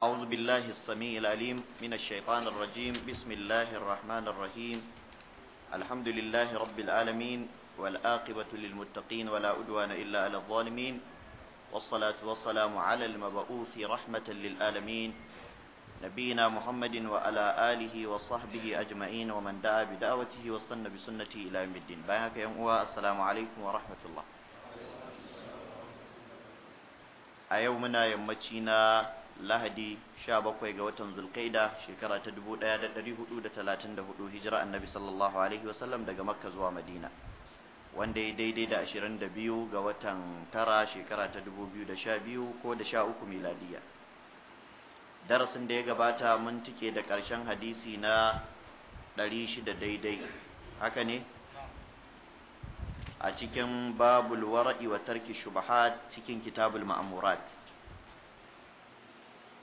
أعوذ بالله السميع العليم من الشيطان الرجيم بسم الله الرحمن الرحيم الحمد لله رب العالمين والآقبة للمتقين ولا أدوان إلا على الظالمين والصلاة والسلام على المبعوث رحمة للعالمين نبينا محمد وعلى آله وصحبه أجمعين ومن دعا بدعوته واستنى بسنته إلى يوم الدين بارك يا السلام عليكم ورحمة الله أيومنا يمتشينا lahadi 17 ga watan zulkaida shekara ta 1434 hijira annabi sallallahu alaihi wasallam daga makka zuwa madina wanda ya daidai da 22 ga watan tara shekara ta 2012 ko da 13 miladiya darasin da ya gabata mun tike da ƙarshen hadisi na 600 daidai haka ne a cikin babul wara'i wa tarki shubahat cikin kitabul ma'amurat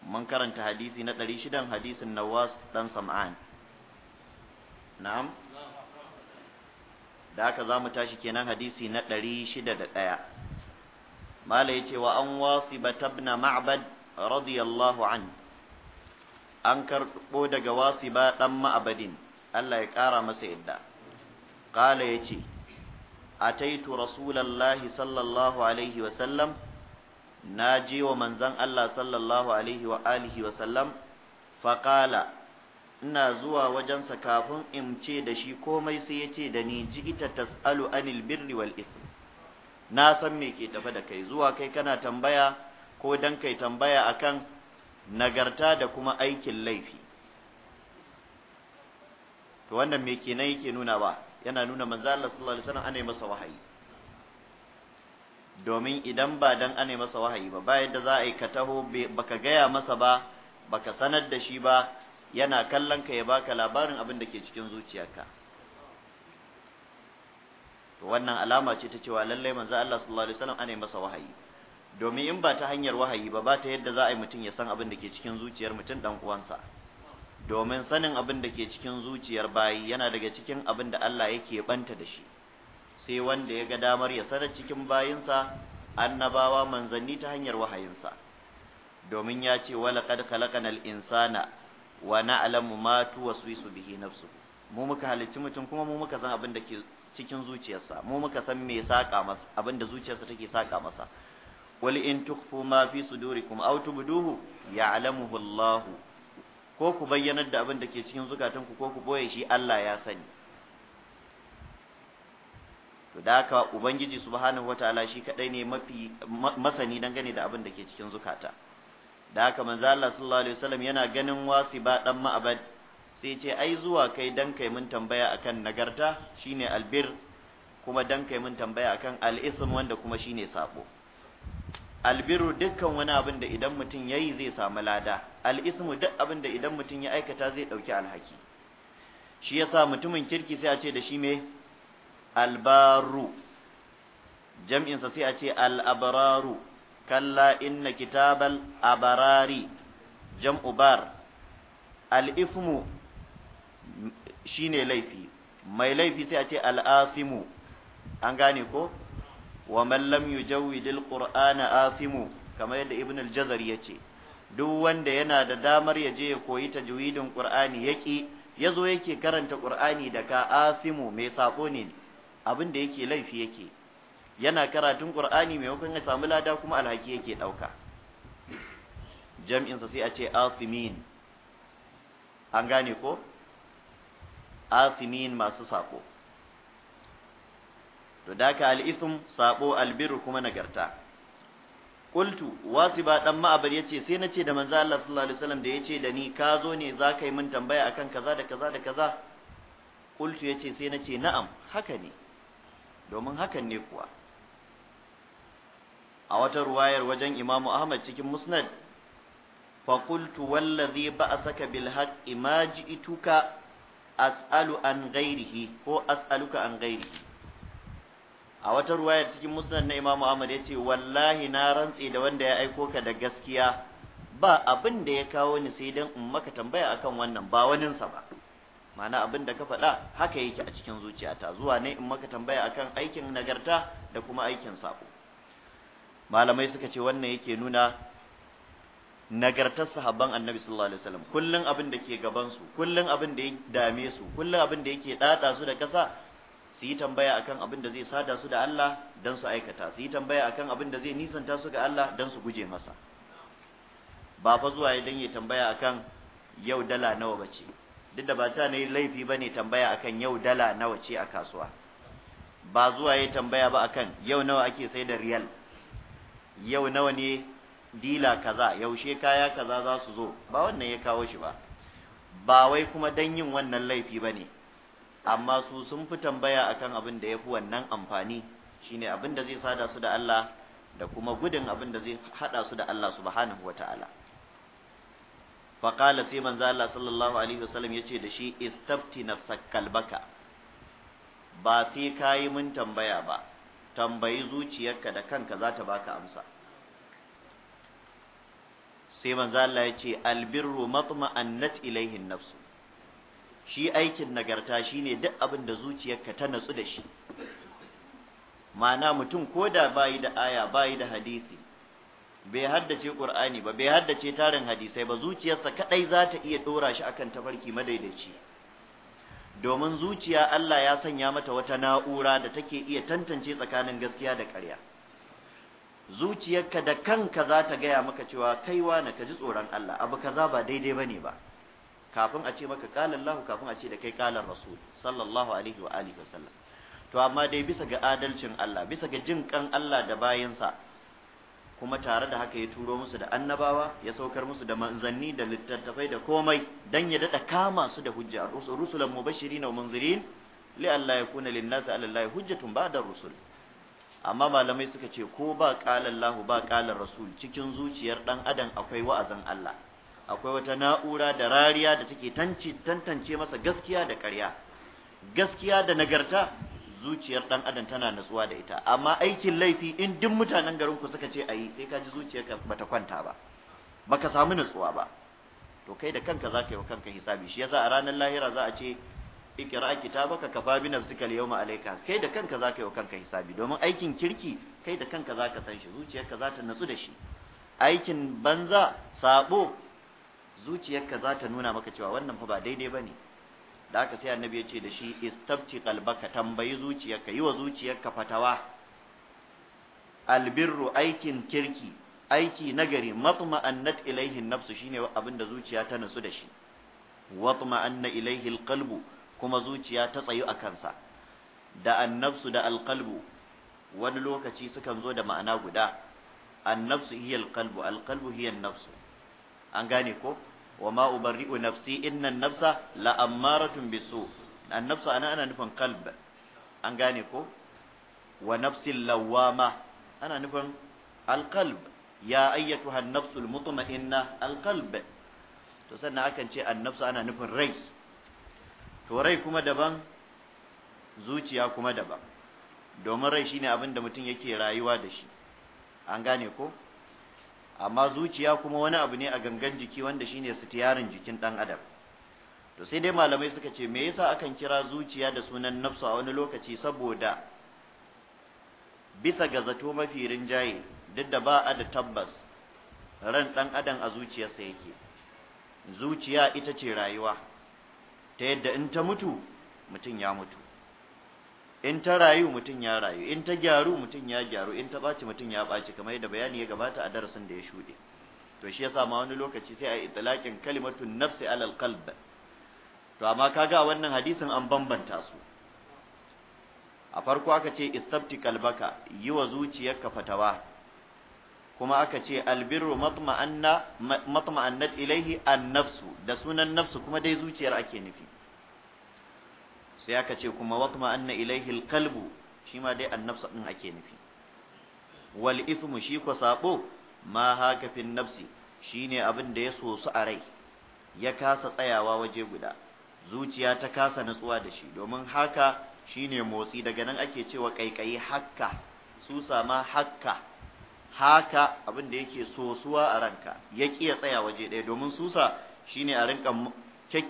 mun karanta hadisi na 600 hadisin Nawas dan Sam'an na'am da aka za mu tashi kenan hadisi na ɗari shida da 601 mala ce wa an wasiba ibn ma'bad radiyallahu an an karɓo daga wasi ba ɗan ma'abadin Allah ya ƙara masa yadda ya ce. A taitu, rasulallahi sallallahu alaihi wa sallam na je wa Manzan Allah sallallahu alaihi wa alihi wa sallam faƙala ina zuwa wajensa kafin in ce da shi komai sai ya ce da ni jigita tas'alu anil birri wal ism na san me ke tafe da kai zuwa kai kana tambaya ko dan kai tambaya akan nagarta da kuma aikin laifi to wannan me kenan yake nuna ba yana nuna manzo Allah sallallahu alaihi wasallam anai masa wahayi domin idan ba dan ane masa wahayi ba bayan da za a yi ka taho baka gaya masa ba baka sanar da shi ba yana kallon ka ya baka labarin abin da ke cikin zuciyarka to wannan alama ce ta cewa lallai manzo Allah sallallahu alaihi wasallam ane masa wahayi domin in ba ta hanyar wahayi ba ba ta yadda za a yi mutum ya san abin da ke cikin zuciyar mutum dan uwansa domin sanin abin da ke cikin zuciyar bayi yana daga cikin abin da Allah yake banta da shi sai wanda ya ga damar ya sanar cikin bayinsa annabawa manzanni ta hanyar wahayinsa domin ya ce wala kad kalakanal insana wa na'lamu ma tuwaswisu bihi nafsu mu muka halicci mutum kuma mu muka san abin da ke cikin zuciyarsa mu muka san me saka masa abin da zuciyarsa take saka masa wal in tukhfu ma fi sudurikum aw tubduhu ya'lamuhu Allah ko ku bayyanar da abin da ke cikin zukatanku ko ku boye shi Allah ya sani to da haka ubangiji subhanahu wataala shi kadai ne mafi masani dangane da abin da ke cikin zukata da haka manzo Allah sallallahu alaihi wasallam yana ganin wasi ba dan ma'abad sai ce ai zuwa kai dan kai mun tambaya akan nagarta shine albir kuma dan kai mun tambaya akan al-ism wanda kuma shine sabo albiru dukkan wani abin da idan mutum ya yi zai samu lada al-ismu duk abin da idan mutum ya aikata zai ɗauki alhaki shi ya sa mutumin kirki sai a ce da shi me albaru jam'insa sai a ce Al-Abraru, kalla inna kitabal abarari jam'u bar shi shine laifi mai laifi sai a ce al'afimu an gane ko wa man lam yujawwidil qur'ana afimu kamar yadda ibn al-jazari yace duk wanda yana da damar ya je ya koyi tajwidin qur'ani ya yazo yake karanta qur'ani da ka afimu mai sako ne abin da yake laifi yake yana karatun qur'ani maimakon ya samu lada kuma alhaki yake ɗauka. jam'insa sai a ce asimin an gane ko asimin masu sako to daka al-ism sako albiru kuma nagarta qultu wasiba dan ma'abar yace sai nace da manzo Allah sallallahu alaihi wasallam da yace da ni ka zo ne zaka yi min tambaya akan kaza da kaza da kaza qultu yace sai nace na'am haka ne domin hakan ne kuwa a wata ruwayar wajen imamu ahmad cikin musnad فقلت والذي بعثك بالحق ما ituka as'alu ko ghairihi ko as'aluka an ghairihi a wata ruwayar cikin musnad na imamu Ahmad yace wallahi na rantse da wanda ya aiko ka da gaskiya ba abin da ya kawo ni sai dan in maka tambaya akan wannan ba waninsa ba ma'ana abin da ka faɗa haka yake a cikin zuciyata zuwa ne in maka tambaya akan aikin nagarta da kuma aikin sako malamai suka ce wannan yake nuna nagartar sahabban annabi sallallahu alaihi wasallam kullun abin da ke gaban su kullun abin da ya dame su kullun abin da yake data su da kasa su yi tambaya akan abin da zai sada su da Allah dan su aikata su yi tambaya akan abin da zai nisanta su ga Allah dan su guje masa ba fa zuwa ya tambaya akan yau dala nawa bace duk da ba ta ne laifi ba ne tambaya akan yau dala nawa ce a kasuwa ba zuwa ya tambaya ba akan yau nawa ake sai da riyal yau nawa ne dila kaza yaushe kaya kaza za su zo ba wannan ya kawo shi ba ba wai kuma dan yin wannan laifi ba ne amma su sun fi tambaya akan abin da ya fi wannan amfani shine abin da zai sada su da Allah da kuma gudun abin da zai hada su da Allah subhanahu wa faƙala sai manzo Allah sallallahu alaihi wasallam yace da shi istafti nafsak kalbaka ba sai kayi mun tambaya ba tambayi zuciyarka da kanka za ta baka amsa sai manzo Allah yace albirru matma'annat ilaihin nafsu shi aikin nagarta shine duk abin da zuciyarka ta natsu da shi ma'ana mutum ko da bayi da aya bayi da hadisi bai haddace qur'ani ba bai haddace tarin hadisai ba zuciyarsa kadai za ta iya dora shi akan tafarki madaidaici domin zuciya Allah ya sanya mata wata na'ura da take iya tantance tsakanin gaskiya da ƙarya zuciyarka da kanka za ta gaya maka cewa kaiwa na kaji tsoron Allah abu kaza ba daidai bane ba kafin a ce maka qala Allah kafin a ce da kai qala Rasul sallallahu alaihi wa alihi wasallam to amma dai bisa ga adalcin Allah bisa ga jin kan Allah da bayinsa kuma tare da haka ya turo musu da annabawa ya saukar musu da manzanni da littattafai da komai dan ya dada kama su da hujja rusulan mubashirin wa munzirin li alla yakuna lin nasi ala allahi hujjatun ba'da rusul amma malamai suka ce ko ba qala allah ba qala rasul cikin zuciyar dan adam akwai wa'azin Allah akwai wata na'ura da rariya da take tantance masa gaskiya da ƙarya gaskiya da nagarta zuciyar ɗan adam tana natsuwa da ita amma aikin laifi in duk mutanen garin ku suka ce ayi sai ka ji zuciyarka bata kwanta ba baka samu nutsuwa ba to kai da kanka zaka yi wa kanka hisabi shi yasa a ranar lahira za a ce ikra kitabaka kafa bi nafsika al-yawma alayka kai da kanka zaka yi wa kanka hisabi domin aikin kirki kai da kanka zaka san shi zuciyarka za ta nutsu da shi aikin banza sabo zuciyarka za ta nuna maka cewa wannan fa ba daidai bane da aka sai annabi ya ce da shi istafti qalbaka tambayi zuciyarka yi wa zuciyarka fatawa albirru aikin kirki aiki nagari matma'annat ilaihin nafsu shine abin da zuciya ta nutsu da shi anna ilaihi alqalbu kuma zuciya ta tsayu a kansa da annafsu da alqalbu wani lokaci sukan zo da ma'ana guda annafsu hiya alqalbu alqalbu hiya annafsu an gane ko wa ma ubarri'u nafsi inna nafsa la ammaratun bisu an nafsa ana ana nufin kalb an gane ko wa nafsin lawama ana nufin al-qalb ya ayyatuha an-nafsul mutma'inna al-qalb to sannan akan ce an nafsa ana nufin rai to rai kuma daban zuciya kuma daban domin rai shine abin da mutum yake rayuwa da shi an gane ko amma zuciya kuma wani abu ne a gangan jiki wanda shine sitiyarin jikin ɗan adam to sai dai malamai suka ce me yasa akan kira zuciya da sunan nafsu a wani lokaci saboda bisa ga zato mafi rinjaye duk da ba a da tabbas ran ɗan adam a zuciyarsa yake zuciya ita ce rayuwa ta yadda in ta mutu mutum ya mutu in ta rayu mutum ya rayu in ta gyaru mutum ya gyaru in ta ɓaci mutum ya ɓaci kamar yadda bayani ya gabata a darasin da ya shuɗe to shi yasa ma wani lokaci sai a yi itlaqin kalimatun nafsi alal qalb to amma kaga wannan hadisin an bambanta su a farko aka ce istabti kalbaka yi wa zuciyarka fatawa kuma aka ce albirru matma'annat ilaihi an nafsu da sunan nafsu kuma dai zuciyar ake nufi sai aka ce kuma watma anna ilaihi alqalbu shi ma dai annafsa din ake nufi wal ithmu shi ko sabo ma haka fin nafsi shine abin da ya sosu a rai ya kasa tsayawa waje guda zuciya ta kasa natsuwa da shi domin haka shine motsi daga nan ake cewa kaikayi hakka susa ma hakka haka abin da yake sosuwa a ranka ya kiya tsaya waje ɗaya domin susa shine a rinka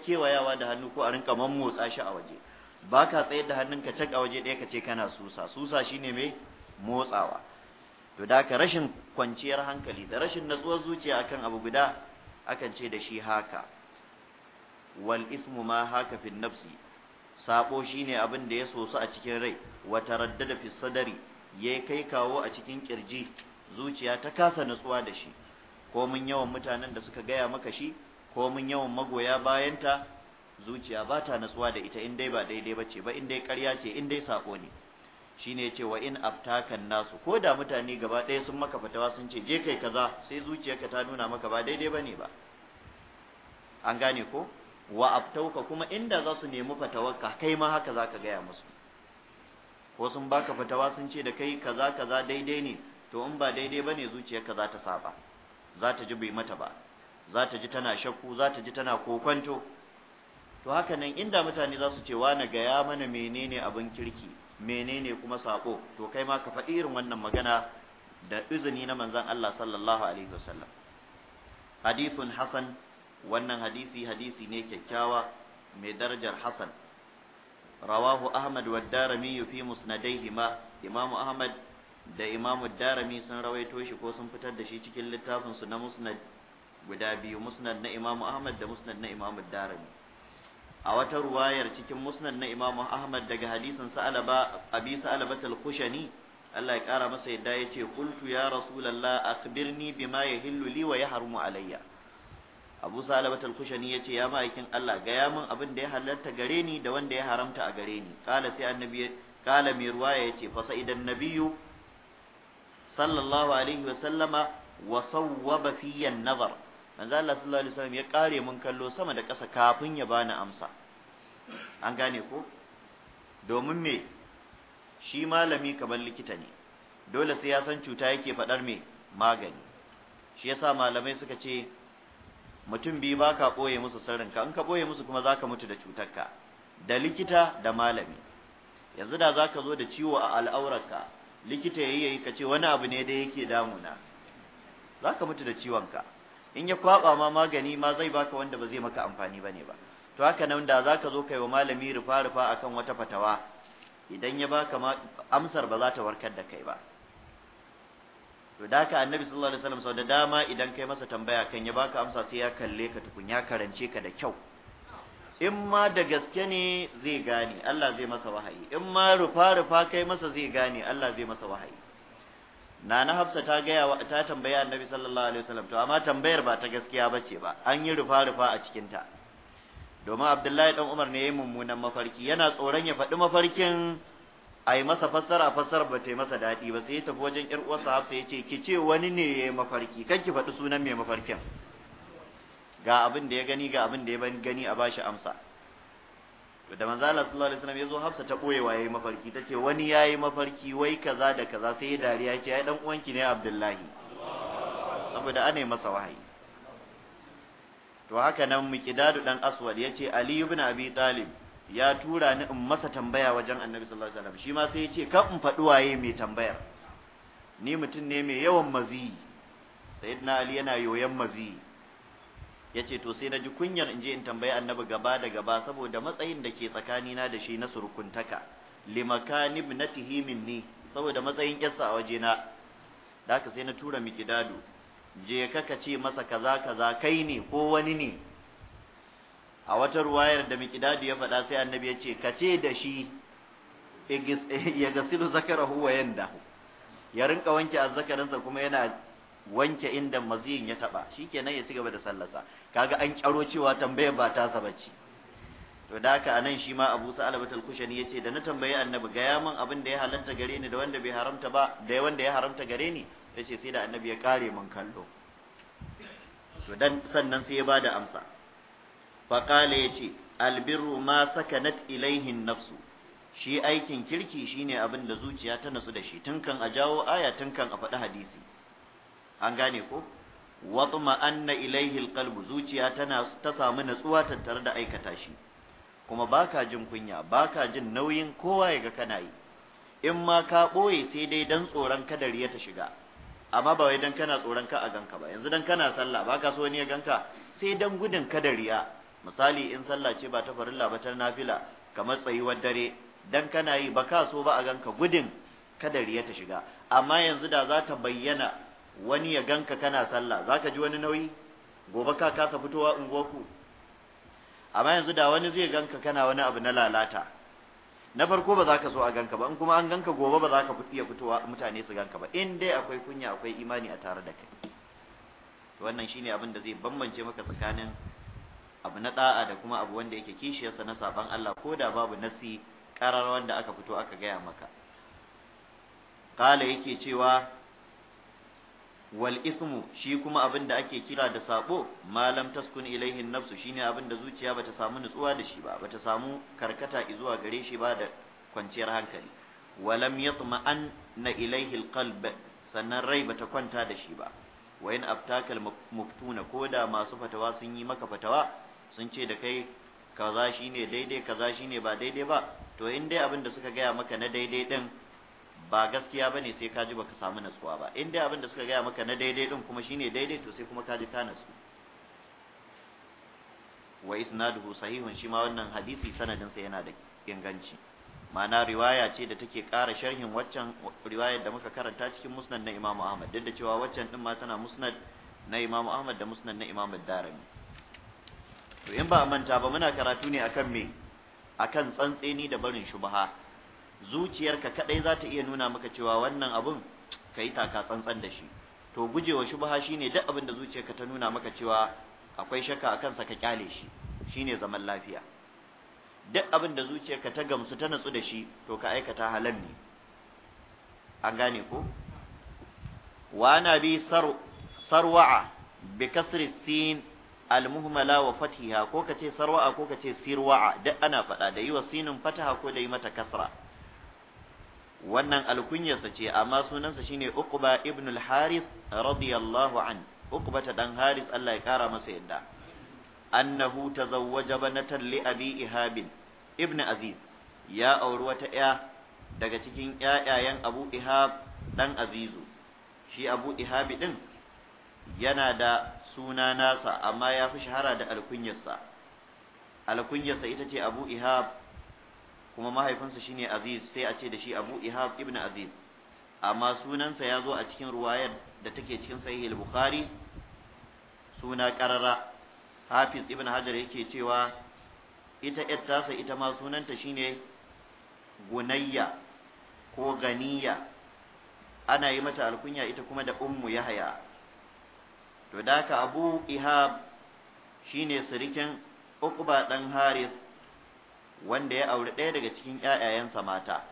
yawa da hannu ko a rinka mammotsa shi a waje ba ka tsayar da hannunka ka a waje ɗaya ka ce kana susa susa shine mai motsawa to da ka rashin kwanciyar hankali da rashin natsuwar zuciya akan abu guda akan ce da shi haka wal ismu ma haka fi nafsi sabo shine abin da ya soso a cikin rai wa taraddada fi sadari ya kai kawo a cikin kirji zuciya ta kasa natsuwa da shi ko mun yawan mutanen da suka gaya maka shi ko mun yawan magoya bayanta zuciya ba ta nutsuwa da ita in dai ba daidai ba ce ba in dai ƙarya ce in dai saƙo ne shine yace wa in aftakan nasu ko da mutane gaba ɗaya sun maka fatawa sun ce je kai kaza sai zuciyarka ta nuna maka ba daidai ba ne ba an gane ko wa aftauka kuma inda za su nemi fatawarka kai ma haka za ka gaya musu ko sun baka fatawa sun ce da kai kaza kaza daidai ne to in ba daidai ba bane zuciyarka za ta saba za ta ji bai mata ba za ta ji tana shakku za ta ji tana kokonto to haka nan inda mutane za su ce na gaya mana menene abin kirki menene kuma sako to kai ma ka faɗi irin wannan magana da izini na manzon Allah sallallahu alaihi wasallam hadithun hasan wannan hadisi hadisi ne kyakkyawa mai darajar hasan rawahu ahmad wa darimi fi musnadaihima imamu ahmad da imamu darimi sun rawaito shi ko sun fitar da shi cikin littafin su na musnad guda biyu musnad na imamu ahmad da musnad na imamu darimi a wata ruwayar cikin musnad na Imam Ahmad daga hadisin Sa'alaba Abi Sa'alabat al-Khushani Allah ya kara masa yadda yace qultu ya rasulullah akhbirni bima yahillu li wa harmu alayya Abu Sa'alabat al-Khushani yace ya ma'aikin Allah gaya min abin da ya halarta gare ni da wanda ya haramta a gare ni kala sai annabi kala mai ruwaya yace fa sa'idan nabiyyu sallallahu alaihi wa sallama wa sawwaba fiyya nazar manzo Allah sallallahu alaihi wasallam ya kare mun kallo sama da ƙasa kafin ya bani amsa an gane ko domin me shi malami kamar likita ne dole sai ya san cuta yake faɗar me magani shi yasa malamai suka ce mutum biyu ba ka ɓoye musu ka, in ka ɓoye musu kuma zaka ka mutu da cutarka da likita da malami yanzu da za zo da ciwo a al'aurarka likita yayi yayi ka ce wani abu ne da yake damuna za mutu da ciwon ka. in ya kwaba ma magani ma zai baka wanda ba zai maka amfani bane ba to haka nan da zaka zo kai wa malami rufa rufa akan wata fatawa idan ya baka amsar ba za ta warkar da kai ba to da haka annabi sallallahu alaihi wasallam sau da dama idan kai masa tambaya kan ya baka amsa sai ya kalle ka tukun ya karance ka da kyau in ma da gaske ne zai gane Allah zai masa wahayi in ma rufa rufa kai masa zai gane Allah zai masa wahayi nana hafsa ta gaya wa ta tambaya annabi sallallahu alaihi wasallam to amma tambayar ba ta gaskiya bace ba an yi rufa rufa a cikin ta domin abdullahi dan umar ne yayin mummunan mafarki yana tsoron ya faɗi mafarkin ai masa fassara fassara ba ta yi masa daɗi ba sai ya tafi wajen ƴar uwarsa hafsa ya ce ki ce wani ne yayin mafarki kan ki faɗi sunan mai mafarkin ga abin da ya gani ga abin da ya gani a bashi amsa to da manzo Allah sallallahu alaihi wasallam yazo Hafsa ta koye waye mafarki tace wani yayi mafarki wai kaza da kaza sai ya dariya ce ai dan uwanki ne Abdullahi saboda ane masa wahayi to haka nan miqdadu dan aswad yace Ali ibn Abi Talib ya tura ni in masa tambaya wajen Annabi sallallahu alaihi wasallam shi ma sai yace kan in faɗi waye mai tambayar ni mutum ne mai yawan mazi sayyidina Ali yana yoyon mazi Ya ce to sai na ji kunyar in je in tambayi annabi gaba da gaba saboda matsayin da ke tsakanina da shi na surkuntaka limakan ibnatihi minni saboda matsayin yarsa a wajena da haka sai na tura mikidadu je ka ce masa kaza kaza kai ne ko wani ne a wata ruwayar da mikidadu ya faɗa sai annabi ya ce ka ce da shi ya gasilu zakarahu wa ya rinka wanke azzakarinsa kuma yana wanke inda maziyin ya taba nan ya ci gaba da sallasa, kaga an kyaro cewa tambayar ba ta sa bacci to da haka anan shi ma Abu Sa'alabat batul kushani yace da na tambayi Annabi ga yaman abin da ya halatta gare ni da wanda bai haramta ba da wanda ya haramta gare ni yace sai da Annabi ya kare mun kallo to dan sannan sai ya bada amsa fa qala yace birru ma sakanat ilaihi nafsu shi aikin kirki shine abin da zuciya ta nasu da shi tunkan a jawo aya tunkan a faɗi hadisi an gane ko watma anna ilaihi alqalbu zuciya tana ta samu natsuwa tattare da aikata shi kuma baka jin kunya baka jin nauyin kowa yaga ga kana yi in ma ka boye sai dai dan tsoron kada riya ta shiga amma ba wai dan kana tsoron ka a ganka ba yanzu dan kana sallah baka so ne ya ganka sai dan gudun kada riya misali in sallah ce ba ta farilla ba ta nafila kamar tsayuwar dare dan kana yi baka so ba a ganka gudun kada riya ta shiga amma yanzu da za ta bayyana wani ya ganka kana sallah zaka ji wani nauyi gobe ka kasa fitowa unguwarku amma yanzu da wani zai ganka kana wani abu na lalata na farko ba za ka so a ganka ba in kuma an ganka gobe ba za ka iya fitowa mutane su ganka ba in dai akwai kunya akwai imani a tare da kai To wannan shine abin da zai bambance maka tsakanin abu na da'a da kuma abu wanda yake kishiyarsa na saban Allah ko da babu nasi karar wanda aka fito aka gaya maka kala yake cewa wal ismu shi kuma abin da ake kira da saɓo, malam taskun ilaihi nafsu shine abin da zuciya bata samu nutsuwa da shi ba bata samu karkata zuwa gare shi ba da kwanciyar hankali walam yatma'an na ilaihi alqalb sannan rai bata kwanta da shi ba wa in aftakal muftuna koda masu fatawa sun yi maka fatawa sun ce da kai kaza shine daidai kaza shine ba daidai ba to in dai abin da suka gaya maka na daidai din ba gaskiya ne sai ka ji baka samu natsuwa ba in dai abin da suka gaya maka na daidai din kuma shine daidai to sai kuma ka ji ka natsu wa isnaduhu sahihun shi ma wannan hadisi sanadin sa yana da inganci mana riwaya ce da take ƙara sharhin waccan riwayar da muka karanta cikin musnad na Imam Ahmad duk da cewa waccan din ma tana musnad na Imam Ahmad da musnad na Imam Ad-Darimi to in ba manta ba muna karatu ne akan me akan tsantseni da barin shubha zuciyarka kadai za ta iya nuna maka cewa wannan abun ka yi taka tsantsan da shi to gujewa shubha shine duk abin da zuciyarka ta nuna maka cewa akwai shakka akan sa ka kyale shi shine zaman lafiya duk abin da zuciyarka ta gamsu ta natsu da shi to ka aikata halal ne an gane ko wa nabi sarwa'a bi kasri sin almuhmala wa fatiha ko kace sarwa'a ko kace sirwa'a duk ana faɗa da yi wa sinin fataha ko da yi mata kasra wannan alkunyarsa ce amma sunansa shine Uqba ibn al-Harith radiyallahu an Uqba ta dan Harith Allah ya kara masa yadda annahu tazawwaja banatan li abi Ihab ibn Aziz ya auri wata ya daga cikin ƴaƴayen Abu Ihab dan Azizu shi Abu Ihab din yana da suna nasa amma ya fi shahara da alkunyarsa alkunyarsa ita ce Abu Ihab kuma mahaifinsa shine aziz sai a ce da shi abu ihab ibn aziz amma sunansa ya zo a cikin ruwayar da take cikin sahih al-bukhari suna qarara hafiz ibn hajar yake cewa ita sa ita ma sunanta shine gunayya ko ganiya ana yi mata alkunya ita kuma da ummu yahya to da ka abu ihab shine sirikin uqba dan harith wanda ya auri ɗaya daga cikin ƴaƴayensa mata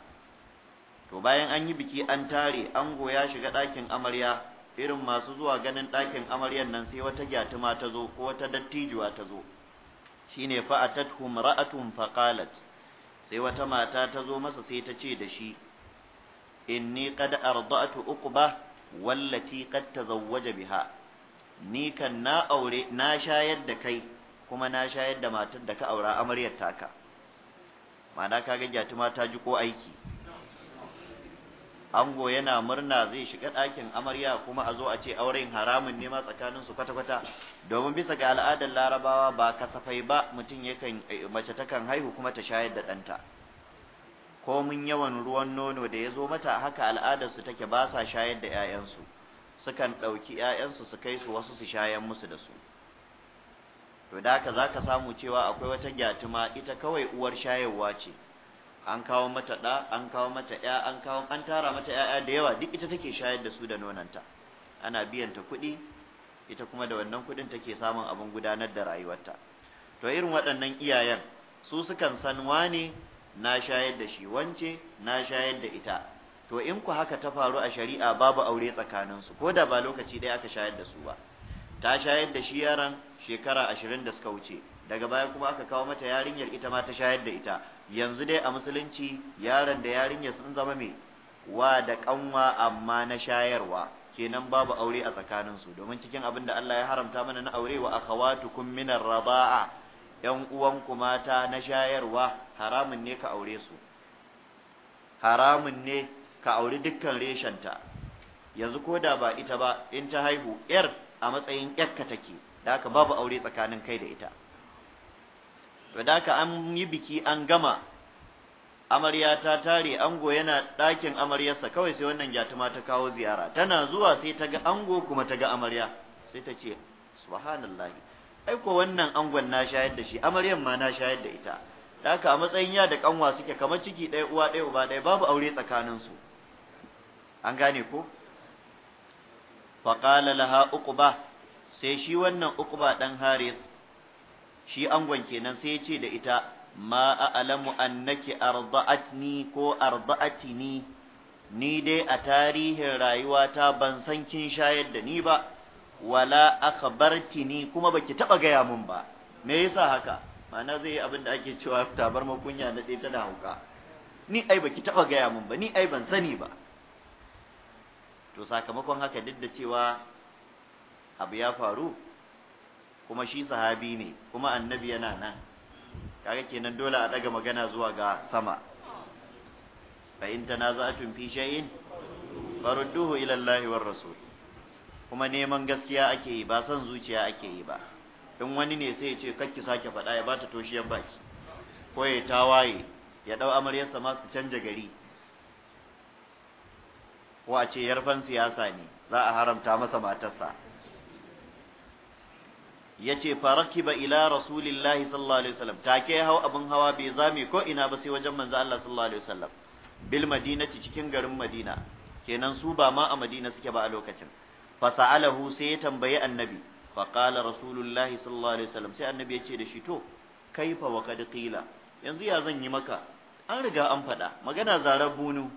to bayan an yi biki an tare ango ya shiga ɗakin amarya irin masu zuwa ganin ɗakin amaryan nan sai wata gyatuma ta zo ko wata dattijuwa ta zo shine fa ra'atun faqalat sai wata mata ta zo masa sai ta ce da shi inni qad arda'tu uqba wallati qad tazawwaja biha ni kan na aure na shayar da kai kuma na shayar da matar da ka aura amaryar taka ma'ana kaga ma ta ji ko aiki ango yana murna zai shiga ɗakin amarya kuma a zo a ce auren haramun nema ma tsakanin su kwata-kwata domin bisa ga al'adar larabawa ba kasafai ba mutum yakan eh, mace takan haihu kuma ta shayar da ɗanta komin yawan ruwan nono da ya zo mata haka al'adar su take ba sa shayar da 'ya'yansu sukan ɗauki 'ya'yansu su kai su wasu su shayar musu da su to da haka zaka samu cewa akwai wata gyatuma ita kawai uwar shayarwa ce an kawo mata da an kawo mata ya an kawo an tara mata yaya da yawa duk ita take shayar da su da nonanta ana biyan ta kuɗi ita kuma da wannan kuɗin take samun abin gudanar da rayuwarta to irin waɗannan iyayen su sukan san wane na shayar da shi wance na shayar da ita to in ku haka ta faru a shari'a babu aure tsakaninsu ko da ba lokaci ɗaya aka shayar da su ba ta shayar da shi yaran. shekara ashirin da suka wuce daga baya kuma aka kawo mata yarinyar ita ma ta shayar da ita yanzu dai a musulunci yaron da yarinyar sun zama mai wa da kanwa amma na shayarwa kenan babu aure a tsakaninsu domin cikin abin da Allah ya haramta mana na aure wa akhawatukum minar ar-raba'a yan uwanku mata na shayarwa haramun ne ka aure su haramun ne ka aure dukkan reshenta yanzu ko da ba ita ba in ta haihu yar a matsayin yakka take da haka babu aure tsakanin kai da ita to da haka an yi biki an gama amarya ta tare ango yana ɗakin amaryarsa kawai sai wannan jatuma ta kawo ziyara tana zuwa sai ta ga ango kuma ta ga amarya sai ta ce subhanallahi ai wannan angon na shayar da shi amaryar ma na shayar da ita da haka a matsayin ya da kanwa suke kamar ciki ɗaya uwa ɗaya uba ɗaya babu aure tsakaninsu an gane ko faqala laha uqba sai shi wannan uqba dan haris shi angon kenan sai ya ce da ita ma a'lamu annaki arda'atni ko arda'atini ni dai a tarihin rayuwata ban san kin shayar da ni ba wala akhbartini kuma baki taba gaya mun ba me yasa haka ma'ana zai yi abin da ake cewa tabar kunya na dai tana hauka ni ai baki taba gaya mun ba ni ai ban sani ba to sakamakon haka duk da cewa abu ya faru kuma shi sahabi ne kuma annabi yana nan kaga kenan dole a daga magana zuwa ga sama fa in tanaza'tum fi shay'in farudduhu ila Allah war rasul kuma neman gaskiya ake yi ba son zuciya ake yi ba in wani ne sai ya ce kakki sake faɗa ya bata toshiyan baki ko ya waye. ya dau amaryarsa ma su canja gari ko a ce yarfan siyasa ne za a haramta masa matarsa yace ba ila rasulillahi sallallahu alaihi wasallam take hau abin hawa bai zame ko ina ba sai wajen manzo Allah sallallahu alaihi wasallam bil madinati cikin garin Madina kenan su ba ma a Madina suke ba a lokacin sa'alahu sai ya tambayi annabi fa qala rasulullahi sallallahu alaihi wasallam sai annabi yace da shi to kaifa wa kad qila yanzu ya zan yi maka an riga an faɗa magana zarar bunu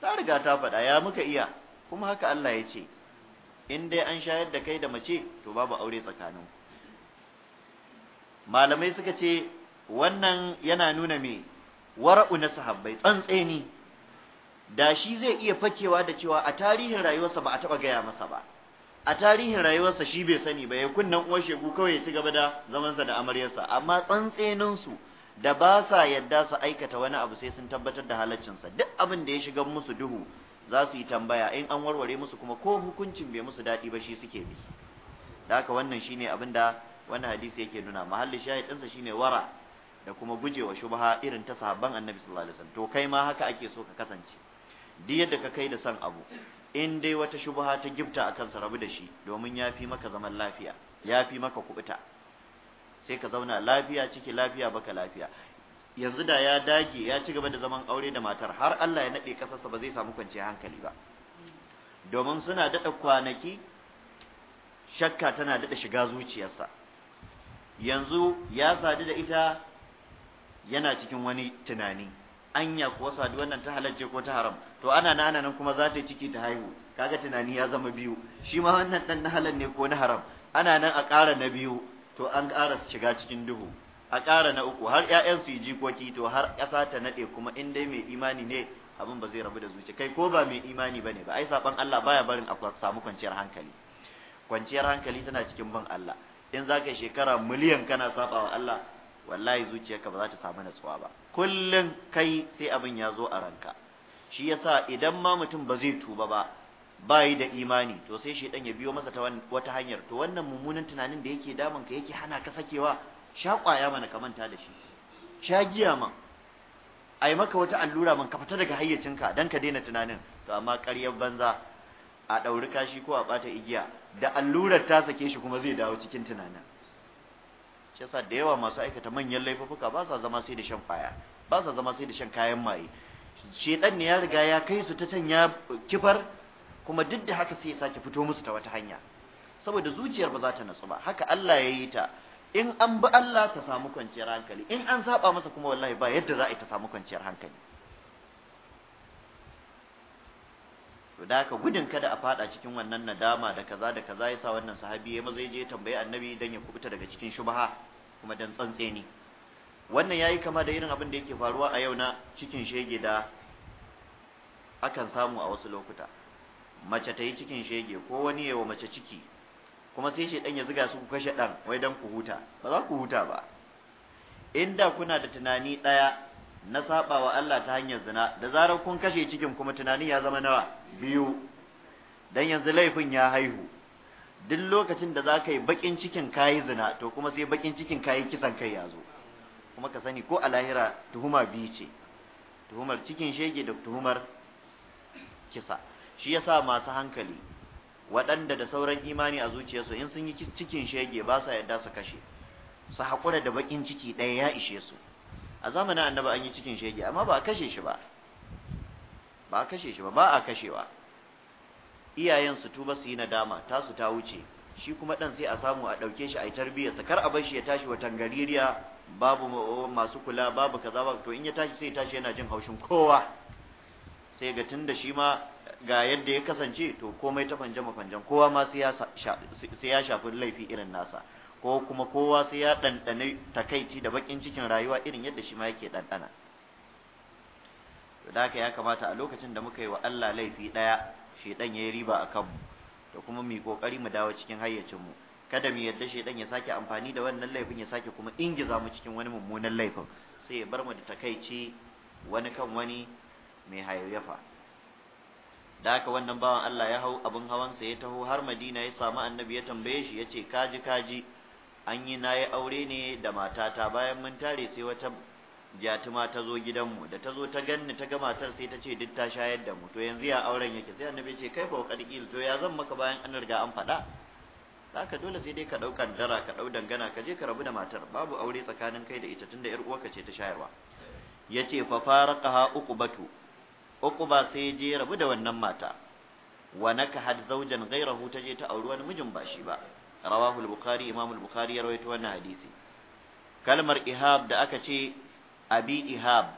ta riga ta faɗa ya muka iya kuma haka Allah ya ce in dai an shayar da kai da mace to babu aure tsakanin malamai suka ce wannan yana nuna me wara'u na sahabbai tsantseni da shi zai iya fakewa da cewa a tarihin rayuwarsa ba a taba gaya masa ba a tarihin rayuwarsa shi bai sani ba ya kunnan uwar shegu kawai ya ci gaba da zamansa da amaryarsa amma tsantsenin su da ba sa yadda su aikata wani abu sai sun tabbatar da halaccinsa duk abin da ya shiga musu duhu za su yi tambaya in an warware musu kuma ko hukuncin bai musu daɗi ba shi suke bi da haka wannan shine abin da wannan hadisi yake nuna mahallin shahidinsa shi shine wara da kuma gujewa shubha irin ta sahabban annabi sallallahu alaihi wasallam to kai ma haka ake so ka kasance duk yadda ka kai da san abu in dai wata shubha ta gifta akan sa rabu da shi domin ya fi maka zaman lafiya ya fi maka kubuta sai ka zauna lafiya ciki lafiya baka lafiya yanzu da ya dage ya ci gaba da zaman aure da matar har Allah ya nade kasarsa ba zai samu kwanciyar hankali ba domin suna dada kwanaki shakka tana dada shiga zuciyarsa yanzu ya sadu da ita yana cikin wani tunani anya kuwa sadu wannan ta halarce ko ta haram to ana ana nan kuma za ta ciki ta haihu kaga tunani ya zama biyu shi ma wannan dan na halal ne ko na haram ana nan a ƙara na biyu to an ƙara shiga cikin duhu a ƙara na uku har 'ya'yan su yi jikoki to har ƙasa ta naɗe kuma in dai mai imani ne abin ba zai rabu da zuciya. kai ko ba mai imani bane ba ai saban Allah baya barin a samu kwanciyar hankali kwanciyar hankali tana cikin ban Allah in zaka shekara miliyan kana saba wa Allah wallahi zuciyarka ba za ta samu natsuwa ba Kullum kai sai abin ya zo a ranka shi yasa idan ma mutum ba zai tuba ba yi da imani to sai shi ya biyo masa ta wata hanyar to wannan mummunan tunanin da yake damun ka yake hana ka sakewa sha kwaya mana ka manta da shi sha giya man ai maka wata allura man ka fita daga hayyacinka dan ka daina tunanin to amma ƙaryar banza a ɗauri kashi ko a bata igiya da allurar ta sake shi kuma zai dawo cikin tunanin shi yasa da yawa masu aikata manyan laifuka ba sa zama sai da shan kwaya ba sa zama sai da shan kayan maye shedan ne ya riga ya kai su ta canya kifar kuma duk da haka sai ya sake fito musu ta wata hanya saboda zuciyar ba za ta natsu ba haka Allah ya yi ta in an bi Allah ta samu kwanciyar hankali in an saba masa kuma wallahi ba yadda za a yi ta samu kwanciyar hankali to da ka gudun kada a fada cikin wannan nadama da kaza da kaza yasa wannan sahabi ya maza je tambaye annabi dan ya kubuta daga cikin shubha kuma dan ni. wannan yayi kama da irin abin da yake faruwa a yau na cikin shege da akan samu a wasu lokuta mace ta yi cikin shege ko wani yawa mace ciki kuma sai shi dan ya zuga su ku kashe dan wai dan ku huta ba za ku huta ba inda kuna da tunani daya na sabawa Allah ta hanyar zina da zarar kun kashe cikin kuma tunani ya zama nawa biyu dan yanzu laifin ya haihu duk lokacin da za ka yi bakin cikin kai zina to kuma sai bakin cikin kai kisan kai ya zo kuma ka sani ko a lahira tuhuma biyu ce tuhumar cikin shege da tuhumar kisa shi yasa masu hankali waɗanda da sauran imani a zuciyarsu in sun yi cikin shege ba sa yadda su kashe su haƙura da bakin ciki ɗaya ya ishe su a zamanin annaba an yi cikin shege amma ba a kashe shi ba ba a kashe shi ba ba a kashewa iyayen su tuba su yi nadama tasu ta wuce shi kuma ɗan sai a samu a ɗauke shi a yi tarbiyyarsa kar a bar shi ya tashi wa tangaririya babu masu kula babu kaza ba to in ya tashi sai ya tashi yana jin haushin kowa sai ga tun da shi ma ga yadda ya kasance to komai ta fanje mafanjan kowa ma sai ya shafi laifi irin nasa ko kuma kowa sai ya ɗanɗane takaici da bakin cikin rayuwa irin yadda shi ma yake ɗanɗana to da haka ya kamata a lokacin da muka yi wa Allah laifi ɗaya ɗan ya yi riba a kanmu da kuma mu kokari mu dawo cikin hayyacinmu kada mu yadda ɗan ya sake amfani da wannan laifin ya sake kuma ingiza mu cikin wani mummunan laifin sai ya bar mu da takaici wani kan wani mai hayayyafa da haka wannan bawan Allah ya hau abin hawansa ya taho har Madina ya samu annabi ya tambaye shi ya ce kaji kaji an yi na aure ne da matata bayan mun tare sai wata jatuma ta zo gidanmu da ta zo ta ganni ta ga matar sai ta ce duk ta shayar da mu to yanzu ya auren yake sai annabi ce kai fa wakil to ya zan maka bayan an riga an faɗa haka dole sai dai ka ɗau dara ka ɗau dangana ka je ka rabu da matar babu aure tsakanin kai da ita tunda yar uwarka ce ta shayarwa yace fa faraqaha uqbatu Uku ba sai je rabu da wannan mata wa nakahat zawjan ghayrahu ta je ta auri wani mijin ba shi ba rawahu al-bukhari imam al-bukhari ya rawaito wannan hadisi kalmar ihab da aka ce abi ihab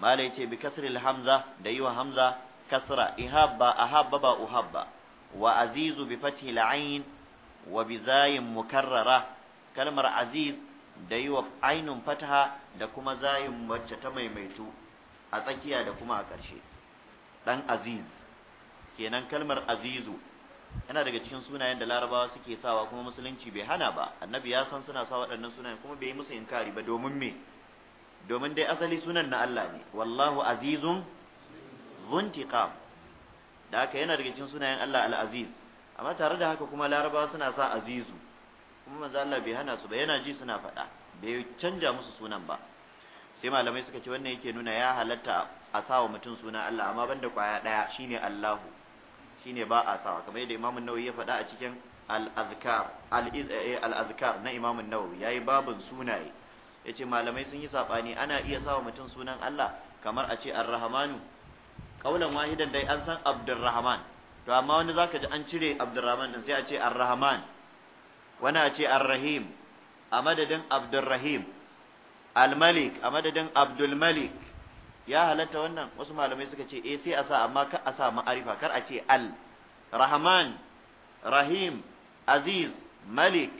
malai ce bi kasril hamza da yiwa hamza kasra ihab ba ahab ba ba uhab ba wa azizu bi fathi al-ain wa bi zayin mukarrara kalmar aziz da yiwa ainun fataha da kuma zayin wacce ta maimaitu a tsakiya da kuma a ƙarshe dan aziz kenan kalmar azizu yana daga cikin sunayen da larabawa suke sawa kuma musulunci bai hana ba annabi ya san suna sa waɗannan sunayen kuma bai yi musu inkari ba domin me domin dai asali sunan na Allah ne wallahu azizun zuntiqam da haka yana daga cikin sunayen Allah al-aziz amma tare da haka kuma larabawa suna sa azizu kuma manzo Allah bai hana su ba yana ji suna faɗa bai canja musu sunan ba sai malamai suka ce wannan yake nuna ya halatta a sawa mutum suna Allah amma banda kwaya daya shine Allahu shine ba a sawa kamar yadda Imam Nawawi ya faɗa a cikin al-azkar eh, al-azkar na Imam Nawawi yayi babun sunaye yace malamai sun yi sabani ana iya sawa mutum sunan Allah kamar a ce Ar-Rahmanu kaulan wahidan dai an san Abdurrahman to amma wani zaka ji an cire Abdurrahman din sai a ce Ar-Rahman wani a ce Ar-Rahim a madadin Abdurrahim al-malik a madadin abdul malik ya halatta wannan wasu malamai suka ce eh sai a sa amma kar a sa ma'arifa kar a ce al rahman rahim aziz malik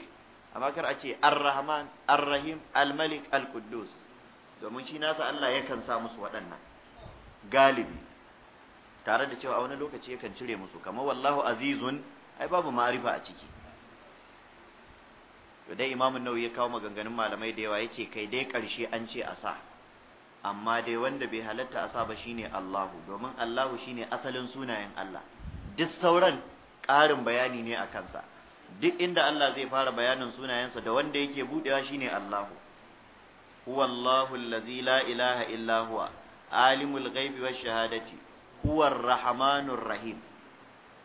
amma kar a ce ar-rahman ar-rahim al-malik al-quddus domin shi nasa Allah yakan sa musu waɗannan galibi tare da cewa a wani lokaci yakan cire musu kamar wallahu azizun ai babu ma'arifa a ciki to dai imamun nawawi ya kawo maganganun malamai da yawa yace kai dai ƙarshe an ce asa. amma dai wanda bai halatta a sa ba shine Allahu domin Allahu shine asalin sunayen Allah duk sauran ƙarin bayani ne a kansa duk inda Allah zai fara bayanin sunayensa da wanda yake budewa shine Allahu huwallahu allazi la ilaha illa huwa alimul ghaibi wash shahadati huwar rahmanur rahim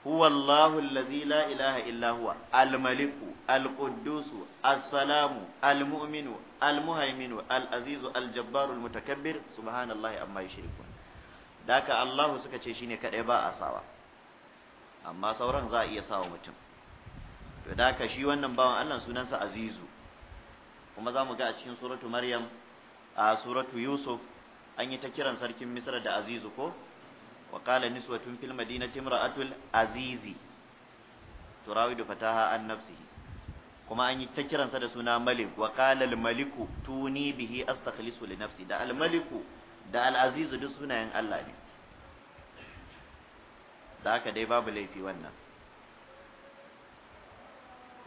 huwa Allahu allazi la ilaha illa huwa al-maliku al-quddusu as-salamu al-mu'minu al-muhaiminu al-azizu al-jabbaru al-mutakabbir subhanallahi amma yushrikun daka Allahu suka ce shine kadai ba a sawa amma sauran za a iya sawa mutum to daka shi wannan bawan Allah sunansa azizu kuma zamu ga a cikin suratu maryam a suratu yusuf an yi ta kiran sarkin misra da azizu ko wa qala niswatun fil madinati imra'atul azizi turawidu fataha an kuma an yi ta kiransa da suna malik wa qala al maliku tuni bihi astakhlisu li nafsi da al maliku da al azizu duk sunayen Allah ne da haka dai babu laifi wannan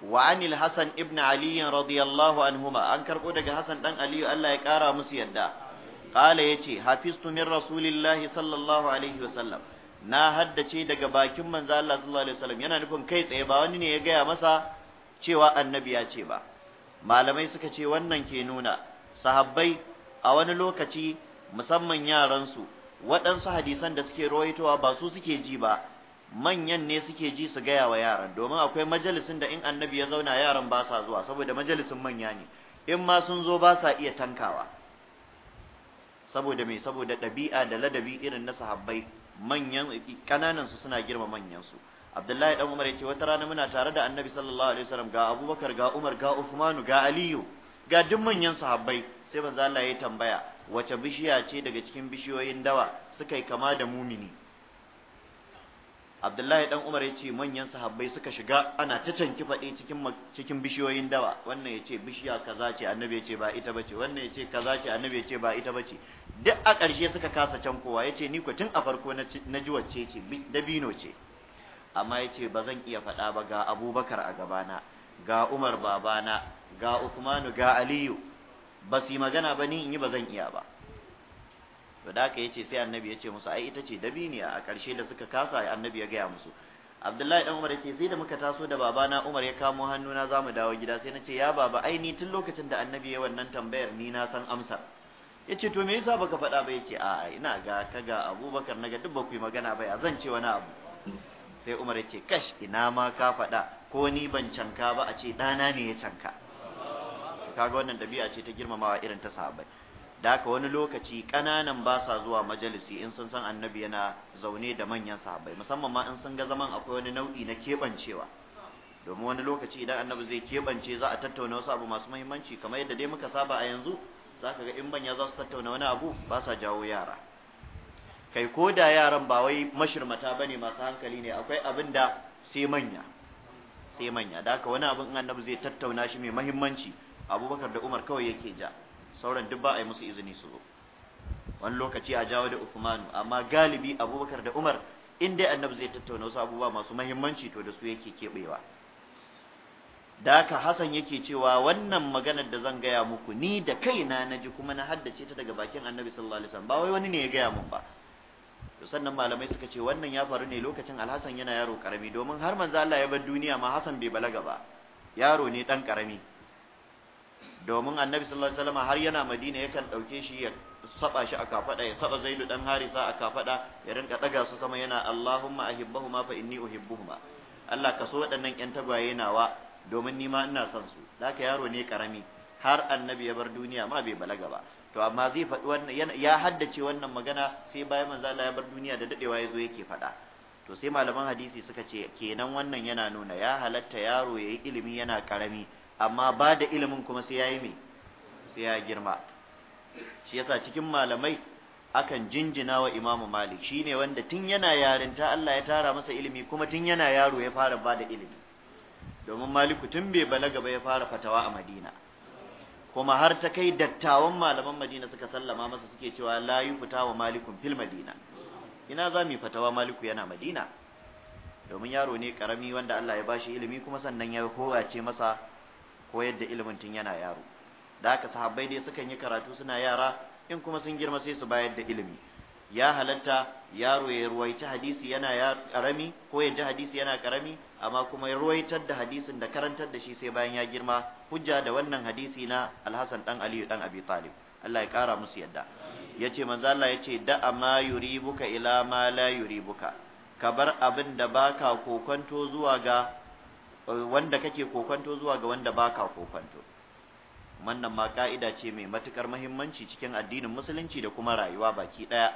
wa anil hasan ibn ali radiyallahu anhuma an karbo daga hasan dan ali Allah ya kara musu yadda ya ce hafiztu min rasulillahi sallallahu alaihi wasallam na haddace daga bakin manzo Allah sallallahu alaihi wasallam yana nufin kai tsaye ba wani ne ya gaya masa cewa annabi ya ce ba malamai suka ce wannan ke nuna sahabbai a wani lokaci musamman yaran su waɗansu hadisan da suke rawaitowa ba su suke ji ba manyan ne suke ji su gaya wa yaran domin akwai majalisin da in annabi ya zauna yaran ba sa zuwa saboda majalisin manya ne in ma sun zo ba sa iya tankawa saboda mai saboda ɗabi'a da ladabi irin na sahabbai manyan kananan su suna girma manyan su Abdullahi dan Umar ce, wata rana muna tare da Annabi sallallahu alaihi wasallam ga Abubakar ga Umar ga Usmanu, ga Aliyu ga duk manyan sahabbai sai manzo Allah ya tambaya wace bishiya ce daga cikin bishiyoyin dawa suka yi kama da mumini Abdullahi dan Umar yace manyan sahabbai suka shiga ana ta canki faɗe cikin cikin bishiyoyin dawa wannan yace bishiya kaza ce annabi yace ba ita bace wannan yace kaza ce annabi yace ba ita bace duk a ƙarshe suka kasa can kowa yace ni ko tun a farko na ji wacce ce dabino ce amma yace ba zan iya faɗa ba ga Abubakar a gabana ga Umar babana ga Uthmanu ga Aliyu ba su yi magana ba ni in yi ba zan iya ba to da haka yace sai annabi yace musu ai ita ce dabiniya a ƙarshe da suka kasa annabi ya gaya musu Abdullahi dan Umar yace sai da muka taso da babana Umar ya kamo hannu na zamu dawo gida sai na ce ya baba ai ni tun lokacin da annabi ya wannan tambayar ni na san amsa yace to me yasa baka faɗa ba yace a ina ga ka ga Abubakar naga duk ba ku magana ba ya zan ce wani abu sai Umar yace kash ina ma ka faɗa ko ni ban canka ba a ce dana ne ya canka kaga wannan dabi'a ce ta girmamawa irin ta sahabbai da haka wani lokaci ƙananan ba sa zuwa majalisi in sun san annabi yana zaune da manyan sahabbai musamman ma in sun ga zaman akwai wani nau'i na keɓancewa domin wani lokaci idan annabi zai keɓance za a tattauna wasu abu masu muhimmanci kamar yadda dai muka saba a yanzu za ka ga in manya za su tattauna wani abu ba sa jawo yara kai ko da yaran ba wai mashirmata ba ne masu hankali ne akwai abin da sai manya sai manya da haka wani abin in annabi zai tattauna shi mai muhimmanci abubakar da umar kawai yake ja sauran duk ba a yi musu izini su zo wani lokaci a jawo da Uthman amma galibi Abubakar da Umar in annabi zai tattauna wasu abubuwa masu mahimmanci to da su yake keɓewa. da haka Hassan yake cewa wannan maganar da zan gaya muku ni da kaina na ji kuma na haddace ta daga bakin annabi sallallahu alaihi wasallam ba wai wani ne ya gaya mun ba to sannan malamai suka ce wannan ya faru ne lokacin alhassan yana yaro karami domin har manzo Allah ya bar duniya ma Hassan bai balaga ba yaro ne dan karami domin annabi sallallahu alaihi wasallam har yana madina yakan dauke shi ya saba shi a kafada ya saba zaidu dan harisa a kafada ya rinka daga su sama yana allahumma ahibbahuma fa inni uhibbuhuma Allah ka so waɗannan ƴan tagwaye nawa domin ni ma ina son su haka yaro ne karami har annabi ya bar duniya ma bai balaga ba to amma zai faɗi wannan ya haddace wannan magana sai bayan manzo Allah ya bar duniya da dadewa ya zo yake faɗa to sai malaman hadisi suka ce kenan wannan yana nuna ya halatta yaro yayi ilimi yana karami amma ba da ilimin kuma sai ya yi mai sai ya girma shi yasa cikin malamai akan jinjina wa imamu malik shine wanda tun yana yarinta Allah ya tara masa ilimi kuma tun yana yaro ya fara ba da ilimi domin maliku tun bai balaga ba ya fara fatawa a madina kuma har ta kai dattawan malaman madina suka sallama masa suke cewa la fita wa malikun fil madina ina za mu fatawa maliku yana madina domin yaro ne karami wanda Allah ya bashi ilimi kuma sannan ya ce masa koyar da ilimin tun yana yaro da haka sahabbai dai sukan yi karatu suna yara in kuma sun girma sai su bayar da ilimi ya halatta yaro ya ruwaita hadisi yana karami ko ya ji hadisi yana karami amma kuma ya ruwaitar da hadisin da karantar da shi sai bayan ya girma hujja da wannan hadisi na alhassan dan aliyu dan abi talib Allah ya kara musu yadda yace manzo Allah yace da ma yuribuka ila ma la yuribuka ka bar abin da baka kokonto zuwa ga wanda kake kokonto zuwa ga wanda baka kokonto wannan ma ka'ida ce mai matukar muhimmanci cikin addinin musulunci da kuma rayuwa baki daya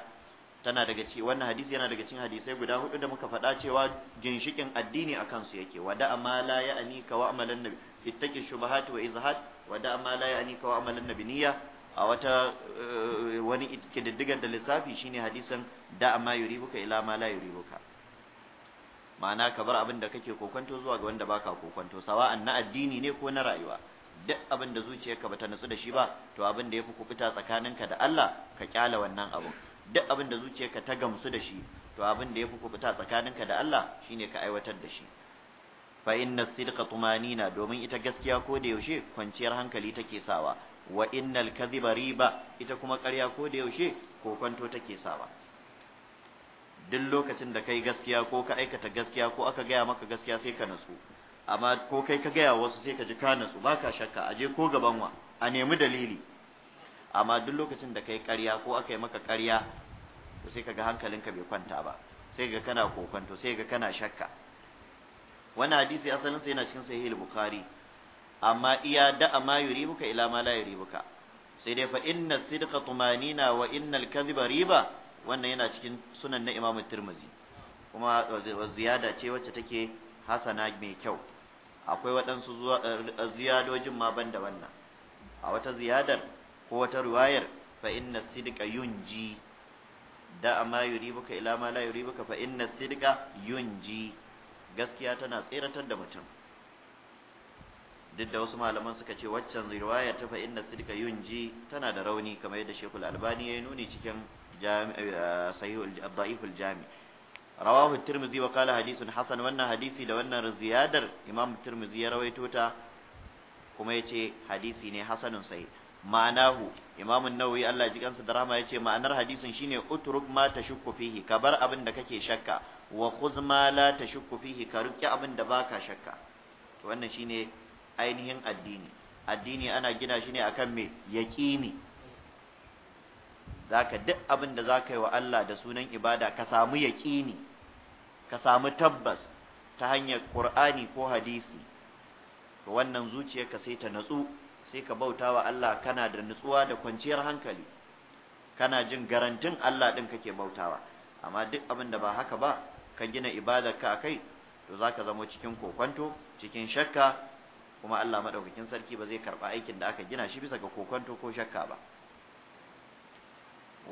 tana daga ci wannan hadisi yana daga cikin hadisai guda hudu da muka faɗa cewa ginshikin addini a kansu yake wada amma la ya'ani ka wa amalan nabi ittaqi shubahat wa izhad wada amma la ya'ani ka wa amalan nabi niyya a wata eh, wani kididdigar da lissafi shine hadisan, da amma yuribuka ila ma la yuribuka ma'ana ka bar abin da kake kokonto zuwa ga wanda baka kokonto sawa'an na addini ne ko na rayuwa duk abin da zuciyarka bata nutsu da shi ba to abin da yafi fita tsakaninka da Allah ka kyala wannan abu duk abin da zuciyarka ta gamsu da shi to abin da yafi fita tsakaninka da Allah shine ka aiwatar da shi fa inna sidqa tumanina domin ita gaskiya ko da yaushe kwanciyar hankali take sawa wa innal kadhiba riba ita kuma ƙarya ko da yaushe kokonto take sawa duk lokacin da kai gaskiya ko ka aikata gaskiya ko aka gaya maka gaskiya sai ka natsu amma ko kai ka gaya wasu sai ka ji ka natsu ba ka shakka aje ko gaban wa a nemi dalili amma duk lokacin da kai ƙarya ko aka yi maka ƙarya to sai ka ga hankalinka bai kwanta ba sai ga kana kokonto sai ga kana shakka wannan hadisi asalin sa yana cikin sahih al-bukhari amma iya da ma buka ila ma la buka sai dai fa inna sidqa tumanina wa innal kadhiba riba wannan yana cikin sunan na Imam Tirmidhi kuma eh, ziyada ce wacce take hasana mai kyau akwai waɗansu eh, ziyadojin ma ban da wannan a wata ziyadar ko wata riwayar fa inna sidqa yunji da amma yuribuka ila ma la yuribuka fa inna sidqa yunji gaskiya tana tseratar da mutum duk da wasu malaman suka ce waccan ruwayar ta fa inna sidqa yunji tana da rauni kamar yadda Sheikhul Albani ya nuni cikin jami sahih al-da'if jami rawahu at-tirmidhi wa hasan wannan hadisi da wannan ziyadar imam at-tirmidhi ya rawaito ta kuma yace hadisi ne hasanun sahih ma'anahu imam an-nawawi Allah ji kansa da rahma yace ma'anar hadisin shine utruk ma tashukku fihi kabar abin da kake shakka wa khuz ma la tashukku fihi ka ruki abin da baka shakka to wannan shine ainihin addini addini ana gina shi ne akan me yaqini zaka duk abin da zaka yi wa Allah da sunan ibada ka samu yaƙini ka samu tabbas ta hanyar Qur'ani ko hadisi to wannan ka sai ta natsu sai ka bauta wa Allah kana da nutsuwa da kwanciyar hankali kana jin garantin Allah din kake bautawa amma duk abin da ba haka ba ka gina ibadarka kai, to zaka zama cikin kokwanto, cikin shakka kuma Allah madaukakin sarki ba zai karba aikin da aka gina shi bisa ga kokonto ko shakka ba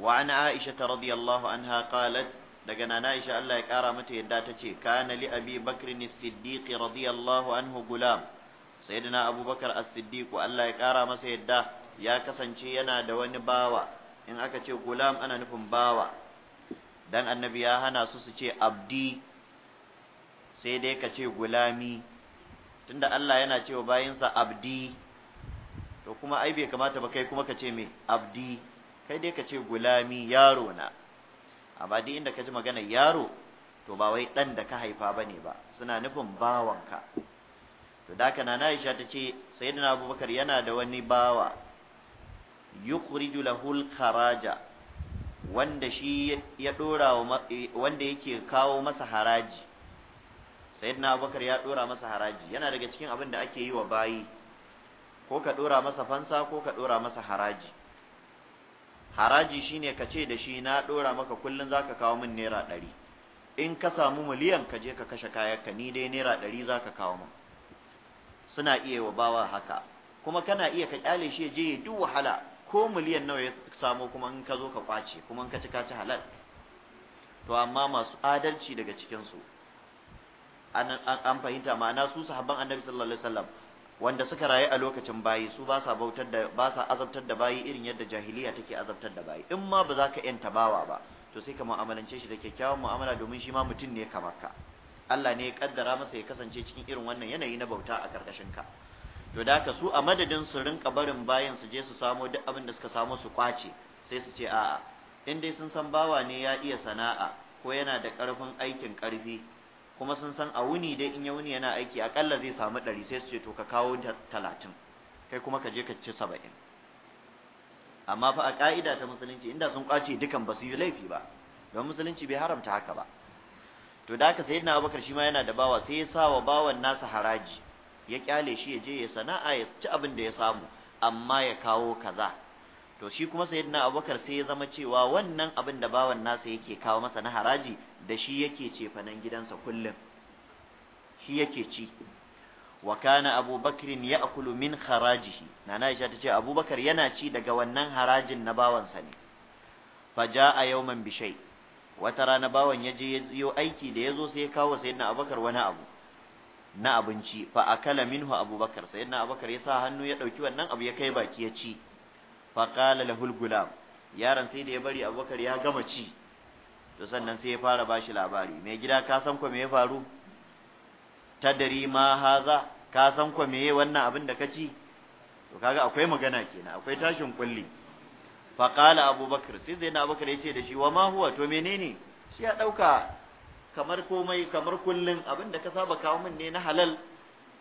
وعن عائشة رضي الله عنها قالت دقنا عائشة الله يكارمته يداتتي كان لأبي بكر الصديق رضي الله عنه غلام سيدنا أبو بكر الصديق الله يكارمه سيدا يا كسنشي ينا دوان باوا إن أكتش غلام أنا نفهم باوا dan annabi ya hana su su ce abdi sai dai ka ce gulami tunda Allah yana cewa bayinsa abdi to kuma ai bai kamata ba kai kuma ka ce me abdi kai dai ka ce gulami yaro na amma duk inda ka ji magana yaro to ba wai ɗan da ka haifa ba ne ba suna nufin bawanka to da haka nana Aisha ta ce sayyidina Abubakar yana da wani bawa yukhriju lahul kharaja wanda shi ya dora eh, wanda yake kawo masa haraji sayyidina Abubakar ya dora masa haraji yana daga cikin abin da ake yi wa bayi ko ka dora masa fansa ko ka dora masa haraji haraji shine ka ce da shi na ɗora maka kullum zaka kawo min naira ɗari in ka samu miliyan ka je ka kashe kayanka ni dai naira ɗari zaka kawo min suna iya wa bawa haka kuma kana iya ka kyale shi je ya duk wahala ko miliyan nawa ya samo kuma in ka zo ka kwace kuma in ka ci ka ci halal to amma masu adalci daga cikinsu an fahimta ma'ana su sahabban annabi sallallahu alaihi wasallam wanda suka rayu a lokacin bayi su ba sa bautar da ba sa azabtar da bayi irin yadda jahiliya take azabtar da bayi in ma ba za ka yanta bawa ba to sai ka mu'amalance shi da kyakkyawan mu'amala domin shi ma mutum ne kamar ka Allah ne ya kaddara masa ya kasance cikin irin wannan yanayi na bauta a karkashin ka to da haka su a madadin su rinka barin bayan su je su samo duk abin da suka samo su kwace sai su ce a'a in dai sun san bawa ne ya iya sana'a ko yana da ƙarfin aikin ƙarfi kuma sun san a wuni dai in ya wuni yana aiki akalla zai samu ɗari sai su ce to ka kawo talatin kai kuma ka je ka ci saba'in amma fa a ƙa'ida ta musulunci inda sun ƙwace dukan ba su yi laifi ba don musulunci bai haramta haka ba to da haka sayyidina abubakar shi ma yana da bawa sai ya sa wa bawan nasa haraji ya kyale shi ya je ya sana'a ya ci abin da ya samu amma ya kawo kaza to shi kuma sayyidina abubakar sai ya zama cewa wannan abin da bawan nasa yake kawo masa na haraji da shi yake ce fanan gidansa kullum shi yake ci wa kana ya akulu min harajihi nana aisha ce abubakar yana ci daga wannan harajin na bawansa ne fa jaa yawman bishai wata rana bawan ya je yo aiki da ya zo sai ya kawo sayyidina abubakar wani abu na abinci fa akala minhu abubakar sayyidina abubakar ya sa hannu ya dauki wannan abu ya kai baki ya ci faqala lahul gulam yaron sai da ya bari abubakar ya gama ci to sannan sai ya fara bashi labari mai gida ka san ko me ya faru tadari ma haza ka san ko me wannan abin da ka ci to kaga akwai magana kenan akwai tashin kulli faqala abubakar sai zaina abubakar yace da shi wa ma huwa to menene shi ya dauka kamar komai kamar kullun abin da ka saba kawo min ne na halal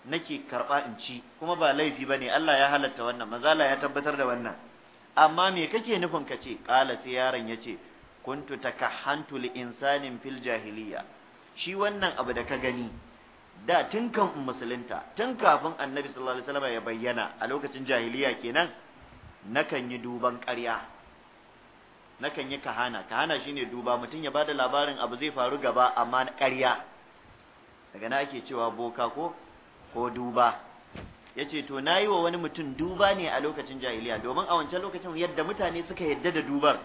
nake karba in ci kuma ba laifi bane Allah ya halatta wannan mazala ya tabbatar da wannan amma me kake nufin ka ce ƙala sai yaron ya ce kuntu takahantu li insanin fil jahiliya shi wannan abu da ka gani da tun kan musulunta tun kafin annabi sallallahu alaihi wasallam ya bayyana a lokacin jahiliya kenan nakan yi duban ƙarya nakan yi kahana kahana shine duba mutum ya bada labarin abu zai faru gaba amma na ƙarya daga na ake cewa boka ko ko duba ya ce to na yi wa wani mutum duba ne a lokacin jahiliya domin a wancan lokacin yadda mutane suka yadda da dubar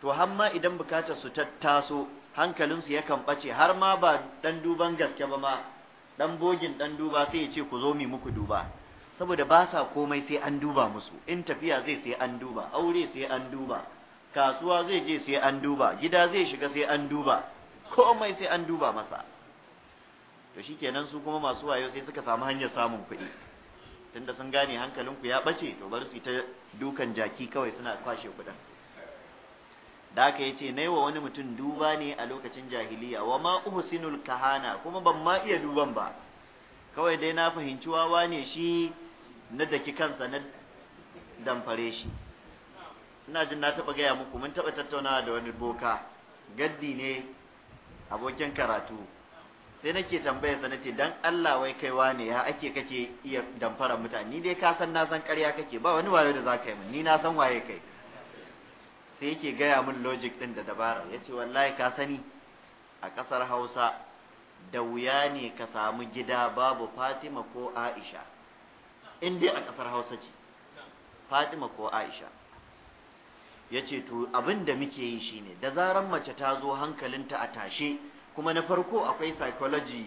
to har ma idan bukatar su tattaso hankalin hankalinsu yakan bace har ma ba ɗan duban gaske ba ma dan bogin ɗan duba sai ya ce ku zo mi muku duba saboda ba sa komai sai an duba musu in tafiya zai sai an duba aure sai an duba kasuwa zai je sai an duba gida zai shiga sai an duba komai sai an duba masa to shikenan su kuma masu wayo sai suka samu hanyar samun kuɗi tunda sun gane hankalinku ya ɓace to bari su ta dukan jaki kawai suna kwashe kuɗin da aka yace na wa wani mutum duba ne a lokacin jahiliya wa ma uhsinul kahana kuma ban ma iya duban ba kawai dai na fahimci wawa ne shi na daki kansa na damfare shi ina jin na taɓa gaya muku mun taɓa tattaunawa da wani boka gaddi ne abokin karatu sai nake tambaya sa nace dan Allah wai kaiwa ne ya ake kake iya damfara mutane ni dai ka san na san ƙarya kake ba wani wayo da zaka yi min ni na san waye kai sai yake gaya mun logic din da dabara yace wallahi ka sani a ƙasar Hausa da wuya ne ka samu gida babu Fatima ko Aisha in dai a ƙasar Hausa ce Fatima ko Aisha yace to abin da muke yi shine da zaran mace ta zo hankalinta a tashe kuma na farko akwai psychology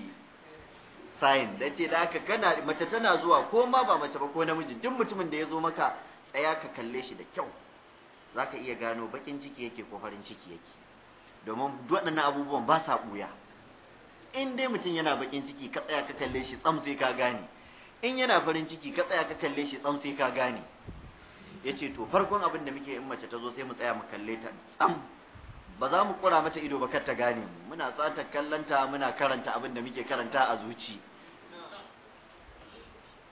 sign da ce da aka kana mace tana zuwa ko ma ba mace ba ko namiji duk mutumin da ya zo maka tsaya ka kalle shi da kyau za ka iya gano bakin ciki yake ko farin ciki yake domin waɗannan abubuwan ba sa ɓuya in dai mutum yana bakin ciki ka tsaya ka kalle shi tsam sai ka gane in yana farin ciki ka tsaya ka kalle shi tsam sai ka gane ya ce to farkon abin da muke in mace ta zo sai mu tsaya mu kalle ta tsam ba za mu kura mata ido ba kar ta gane mu muna tsata kallanta muna karanta abin da muke karanta a zuci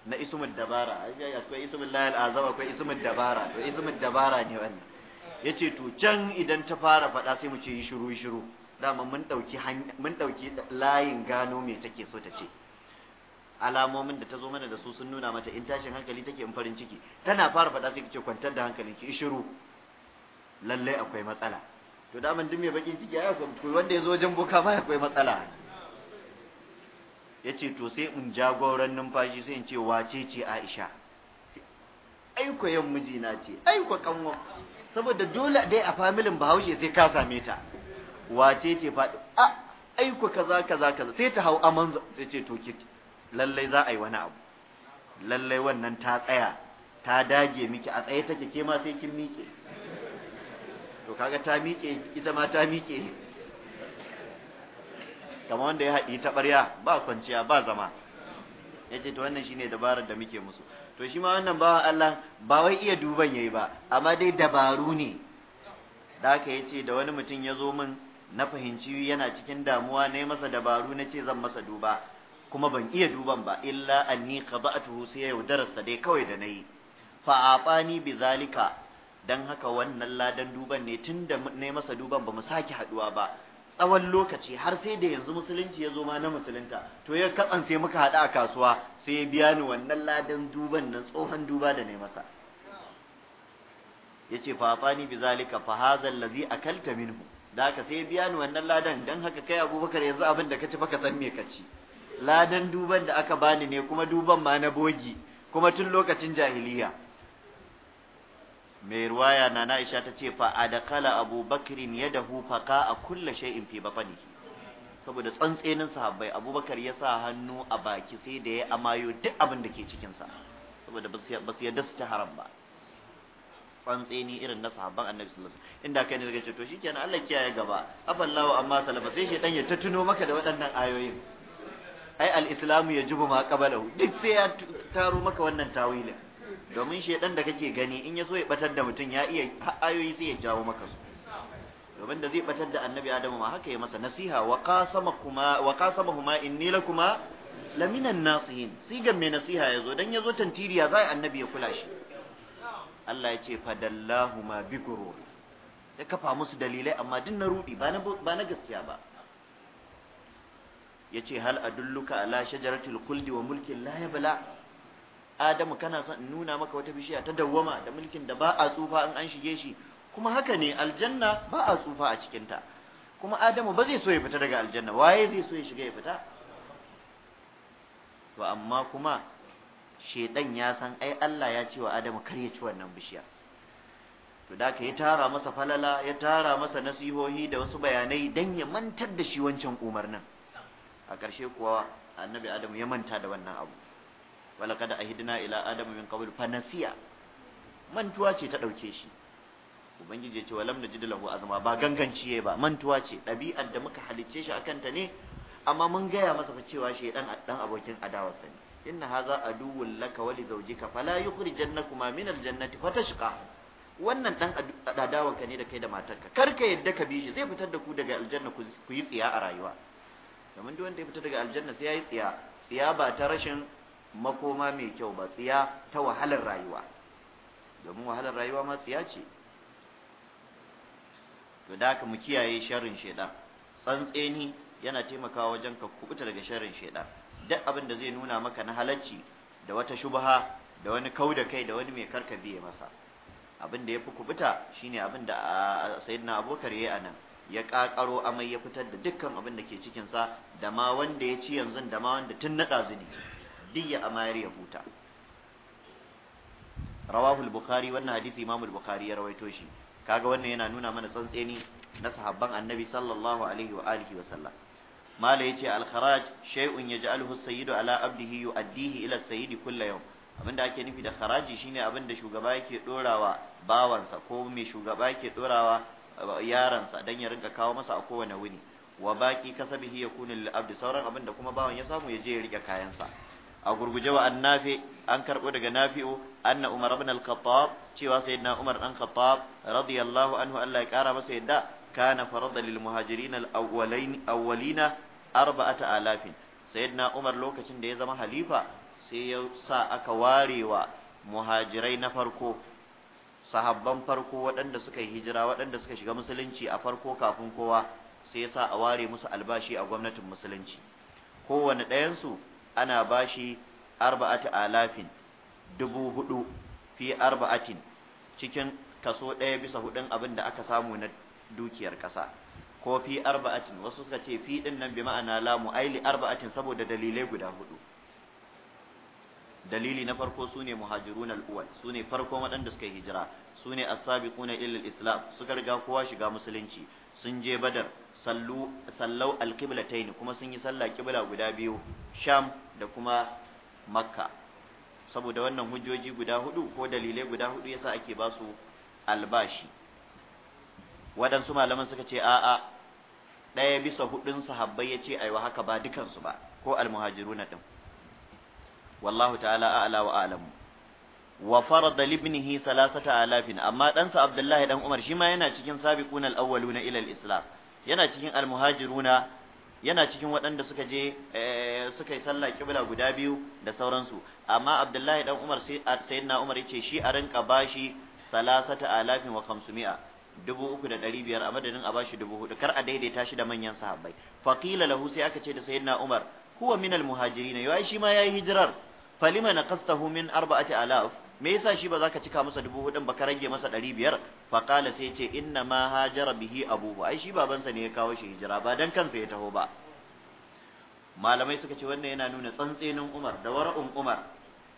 na ismul dabara akwai ismul layal azab akwai ismul dabara to ismul dabara ne wannan yace to can idan ta fara faɗa sai mu ce yi shiru shiru dama mun dauki mun dauki layin gano me take so ta ce alamomin da ta zo mana da su sun nuna mata in tashin hankali take in farin ciki tana fara faɗa sai kace kwantar da hankalinki ishiru lalle akwai matsala to daman duk mai bakin ciki ya akwai wanda ya zo wajen boka ma akwai matsala Ya ce to sai in jagoran numfashi sai in ce wace ce Aisha ai ko yan mijina ce ai ko kanwa saboda dole dai a familin Bahaushe sai ka same ta wace ce faɗi a ai ko kaza kaza kaza sai ta hau aman sai ce to ki lallai za a yi wani abu lallai wannan ta tsaya ta dage miki a tsaye take ke ma sai kin miƙe to kaga ta miƙe ita ma ta miƙe kamar wanda ya haɗi ta ɓarya ba kwanciya ba zama ya ce to wannan shine dabarar da muke musu to shi ma wannan bawan Allah ba wai iya duban yayi ba amma dai dabaru ne da haka ya ce da wani mutum ya zo min na fahimci yana cikin damuwa na yi masa dabaru na ce zan masa duba kuma ban iya duban ba illa anni tuhu sai ya yaudararsa dai kawai da nayi fa atani bi zalika dan haka wannan ladan duban ne tunda ne masa duban ba mu sake haduwa ba tsawon lokaci har sai da yanzu musulunci ya zo ma na musulunta to ya katsance muka haɗu a kasuwa sai ya biya ni wannan ladan duban nan tsohon duba da ne masa yace fa fani bi zalika fa hadha ladhi akalta minhu da haka sai ya biya ni wannan ladan dan haka kai Abubakar yanzu abin da kaci baka san me kaci ladan duban da aka bani ne kuma duban ma na bogi kuma tun lokacin jahiliya mai ruwaya na Aisha ta ce fa a adakala Abubakar Bakrin yadahu faqa a kulli shay'in fi batnihi saboda tsantsenin sahabbai Abubakar ya sa hannu a baki sai da ya amayo duk abin da ke cikin sa saboda ba su yadda su ta haram ba tsantseni irin na sahabban Annabi sallallahu alaihi wasallam inda kai ne daga ce to shikenan Allah kiyaye gaba afallahu amma salama sai shedan ya tattuno maka da waɗannan ayoyin ai al-islamu yajibu ma qabalahu duk sai ya taro maka wannan tawilin domin shaidan da kake gani in ya so ya batar da mutum ya iya ayoyi sai ya jawo maka su domin da zai batar da annabi adamu ma haka ya masa nasiha wa qasama kuma wa qasama huma inni lakuma laminan nasihin sigan mai nasiha yazo dan yazo tantiriya zai annabi ya kula shi Allah ya ce fadallahu ma ya kafa musu dalilai amma din na rudi ba na ba na gaskiya ba yace hal adulluka ala shajaratil Kuldi wa mulkin la yabla adamu kana son in nuna maka wata bishiya ta dawwama da mulkin da ba a tsufa in an shige shi kuma haka ne aljanna ba a tsufa a cikinta kuma adamu ba zai so ya fita daga aljanna waye zai so ya shiga ya fita to amma kuma shedan ya san ai Allah ya ce wa adamu kar ya ci wannan bishiya to da ka ya tara masa falala ya tara masa nasihohi da wasu bayanai dan ya mantar da shi wancan umarnin a ƙarshe kuwa annabi adamu ya manta da wannan abu walaqad ahidna ila adama min qabl fanasiya mantuwa ce ta dauke shi ubangiji ya ce walam najid lahu azma ba ganganci yayi ba mantuwa ce ɗabi'ar da muka halicce shi akan ta ne amma mun gaya masa cewa shi dan dan abokin adawarsa ne inna hadha aduwwun laka wa li zawjika fala yukhrijannakuma min aljannati fatashqa wannan dan ka ne da kai da matarka kar ka yadda ka bi shi zai fitar da ku daga aljanna ku yi tsiya a rayuwa domin duk wanda ya fita daga aljanna sai ya yi tsiya tsiya ba ta rashin makoma mai kyau ba tsiya ta wahalar rayuwa domin wahalar rayuwa ma tsiya ce to da haka mu kiyaye sharrin shaidan tsantseni yana taimakawa wajen ka kubuta daga sharrin shaidan duk abin da zai nuna maka na halacci da wata shubha da wani kau da kai da wani mai karka biye masa abin da ya fi kubuta shine abin da sayyidina abubakar yayi anan ya kakaro amai ya fitar da dukkan abin da ke cikinsa da ma wanda ya ci yanzu da ma wanda tun naɗa zuni duk ya amayar ya huta rawahu al-bukhari wannan hadisi imamu al-bukhari ya rawaito shi kaga wannan yana nuna mana tsantseni na sahabban annabi sallallahu alaihi wa alihi wa sallam mala yace al-kharaj shay'un yaj'aluhu as-sayyidu ala abdihi yu'addihi ila as-sayyidi kullu yawm abinda ake nufi da kharaji shine abinda shugaba yake dorawa bawansa ko mai shugaba yake dorawa eh, yaransa dan ya rinka kawo masa a kowane wuni wa baki kasabihi yakunu lil abdi sauran abinda kuma bawan ya samu ya je ya rike kayansa a gurguje wa annafi an karbo daga nafi'u anna umar ibn al-khattab cewa sayyidina umar dan khattab radiyallahu anhu Allah ya kara masa yadda kana farada lil muhajirin al-awwalin awwalina arba'ata alafin sayyidina umar lokacin da ya zama halifa sai ya sa aka warewa muhajirai na farko sahabban farko waɗanda suka yi hijira waɗanda suka shiga musulunci a farko kafin kowa sai ya sa a ware musu albashi a gwamnatin musulunci kowane ɗayansu ana bashi arba'ata alafin dubu hudu fi arba'atin cikin kaso ɗaya bisa hudun abin da aka samu na dukiyar ƙasa ko fi arba'atin wasu suka ce fi din nan bi ma'ana lamu aili arba'atin saboda dalilai guda hudu dalili na farko sune muhajirun al su sune farko waɗanda suka hijira sune as-sabiquna ila al-islam suka riga kowa shiga musulunci sun je badar sallau sallau alqiblatayn kuma sun yi sallah ƙibla guda biyu sham da kuma makka saboda wannan hujjoji guda hudu ko dalilai guda hudu yasa ake ba su albashi waɗansu malaman suka ce a'a ɗaya bisa hudun sahabbai ya ce aiwa haka ba dukansu ba ko almuhajiru na ɗin wallahu ta'ala a'ala wa a'lamu wa farada libnihi salasata alafin amma ɗansa abdullahi dan umar shi ma yana cikin sabiqun al-awwaluna ila al-islam yana cikin al-muhajiruna yana cikin waɗanda suka je eh, suka yi sallah kibla guda biyu da sauransu amma abdullahi dan umar sai sayyidina umar yace shi a rinka bashi salasata alafin wa a dubu uku da ɗari biyar a madadin a bashi dubu hudu kar a daidaita shi da manyan sahabbai faqila lahu sai aka ce da sayyidina umar huwa min al muhajirin yayi shi ma yayi hijirar falima naqastahu min arba'ati alaf me yasa shi ba za ka cika masa dubu hudun ba ka rage masa ɗari biyar faƙala sai ce inna ma hajara bihi abubu ai shi babansa ne ya kawo shi hijira ba dan kansa ya taho ba malamai suka ce wannan yana nuna tsantsenin umar da wara'un umar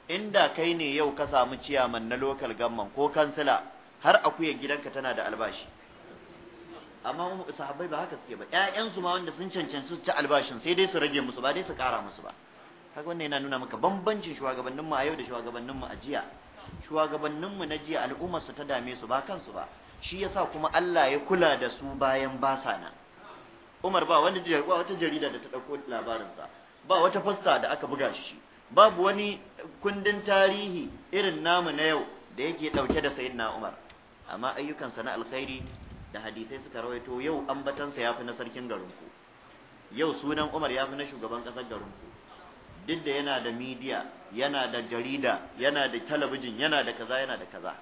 inda kai ne yau ka samu ciyaman na lokal gamman ko kansila har akuyar gidanka tana da albashi amma sahabbai ba haka suke ba ƴaƴansu ma wanda sun cancanci su ci albashin sai dai su rage musu ba dai su kara musu ba kaga wannan yana nuna maka bambancin shugabanninmu a yau da shugabanninmu a jiya shugabanninmu na jiya al'ummar su ta dame su ba kansu ba shi yasa kuma Allah ya kula da su bayan ba sa nan Umar ba wani ba wata jarida da ta dauko labarinsa ba wata fasta da aka buga shi babu wani kundin tarihi irin namu na yau da yake dauke da sayyidina Umar amma ayyukansa na alkhairi da hadisai suka rawaito yau ambatansa ya fi na sarkin garinku yau sunan Umar ya fi na shugaban kasar garinku duk da yana da media yana da jarida yana da talabijin yana da kaza yana da kaza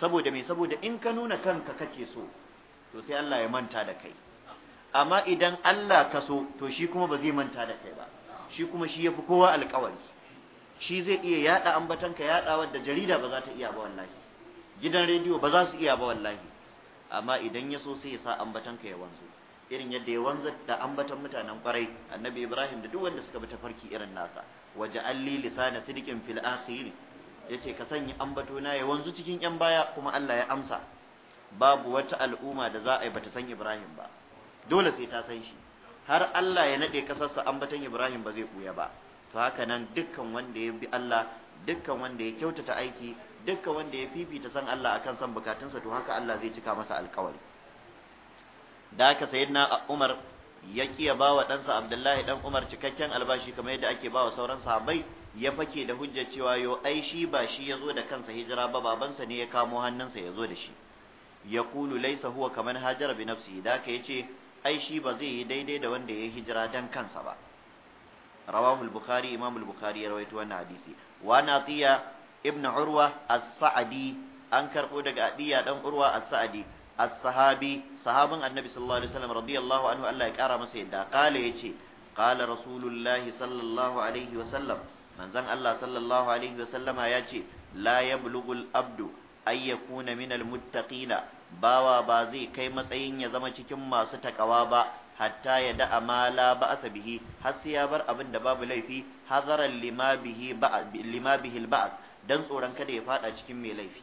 saboda me saboda in ka nuna kanka kake so to sai Allah ya manta da kai amma idan Allah ka so to shi kuma ba zai manta da kai ba shi kuma shi yafi kowa alƙawari shi zai iya yada ambatanka yada wadda jarida ba za ta iya ba wallahi gidan rediyo ba za su iya ba wallahi amma idan ya so sai ya sa ka ya wanzu irin yadda ya wanza da ambatan mutanen kwarai annabi ibrahim da duk wanda suka bi tafarki irin nasa waje alli lisana sidikin fil akhir yace ka sanya ambato na ya wanzu cikin yan baya kuma Allah ya amsa babu wata al'umma da za a yi bata san ibrahim ba dole sai ta san shi har Allah ya nade kasarsa ambatan ibrahim ba zai buya ba to haka nan dukkan wanda ya bi Allah dukkan wanda ya kyautata aiki dukkan wanda ya fifita san Allah akan san bukatunsa to haka Allah zai cika masa alƙawari da haka sayyidina Umar ya kiya ba ɗansa Abdullahi ɗan Umar cikakken albashi kamar yadda ake ba wa sauran sahabbai ya fake da hujjar cewa yo ai shi ba shi ya zo da kansa hijira ba babansa ne ya kamo hannunsa ya zo da shi ya kulu laisa huwa kamar hajar bi nafsi da haka ya ai shi ba zai yi daidai da wanda ya hijira dan kansa ba rawahu al-bukhari imam al-bukhari ya rawaito wannan hadisi wa natiya ibnu urwa as-sa'di an karbo daga adiya dan urwa as-sa'di as-sahabi sahabin annabi sallallahu alaihi wasallam radiyallahu anhu Allah ya kara masa yadda kale yace qala rasulullahi sallallahu alaihi wasallam manzon Allah sallallahu alaihi wasallama yace la yablughul abdu ay yakuna minal muttaqina bawa ba zai kai matsayin ya zama cikin masu takawa ba hatta ya da amala ba asa bihi har sai ya bar abin da babu laifi hazaran lima bihi lima bihi al-ba'as dan tsoron kada ya fada cikin mai laifi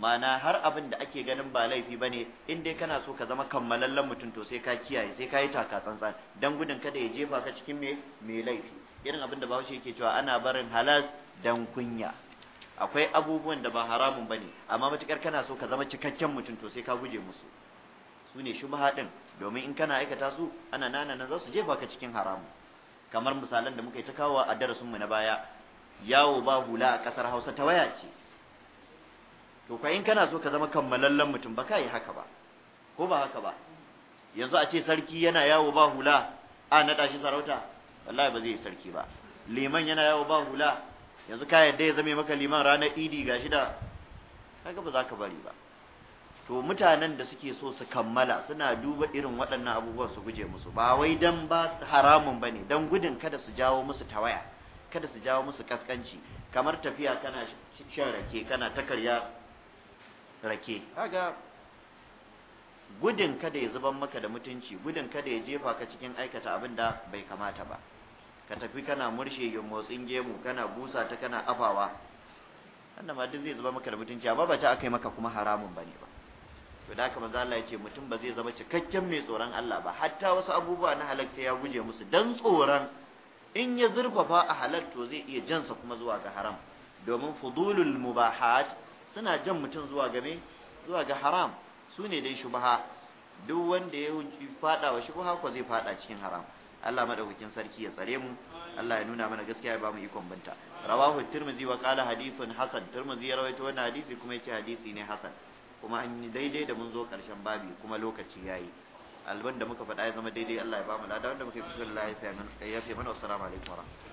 ma'ana har abin da ake ganin ba laifi bane in dai kana so ka zama kammalallen mutum to sai ka kiyaye sai ka yi taka tsantsan dan gudun kada ya jefa ka cikin me me laifi irin abin da ba Bahaushe yake cewa ana barin halal dan kunya akwai abubuwan da ba haramun ba ne, amma matukar kana so ka zama cikakken mutum to sai ka guje musu su ne shubha domin in kana aikata su ana nana nan za su jefa ka cikin haramu kamar misalan da muka yi ta kawo a darasin mu na baya yawo ba hula a kasar Hausa ta waya ce to fa in kana so ka zama kammalallen mutum ba ka yi haka ba ko ba haka ba yanzu a ce sarki yana yawo ba hula a naɗa shi sarauta wallahi ba zai yi sarki ba liman yana yawo ba hula yanzu ka yadda ya zame maka liman ranar idi gashi da kaga ba za ka bari ba to mutanen da suke so su kammala suna duba irin waɗannan abubuwan su guje musu ba wai dan ba haramun bane dan gudun kada su jawo musu tawaya kada su jawo musu kaskanci kamar tafiya kana shan rake kana ta rake kaga gudun kada ya zuban maka da mutunci gudun kada ya jefa ka cikin aikata abin da bai kamata ba ka tafi kana murshe yin motsin gemu kana busa ta kana afawa wannan ma duk zai zuba maka da mutunci amma ba ta aka yi maka kuma haramun bane ba to da haka manzo Allah ya ce mutum ba zai zama cikakken mai tsoron Allah ba hatta wasu abubuwa na halal ya guje musu dan tsoron in ya zurfafa a halal to zai iya jansa kuma zuwa ga haram domin fudulul mubahat suna jan mutum zuwa ga zuwa ga haram su ne dai shubaha. duk wanda ya fada wa kwa ko zai fada cikin haram Allah madaukakin sarki ya tsare mu Allah ya nuna mana gaskiya ya ba mu ikon binta rawahu tirmizi wa qala hadithun hasan tirmizi ya rawaito wannan hadisi kuma yace hadisi ne hasan kuma an yi daidai da mun zo karshen babi kuma lokaci yayi alban da muka faɗa ya zama daidai Allah ya ba mu ladan wanda muka yi kusurin Allah ya fi mana assalamu alaikum wa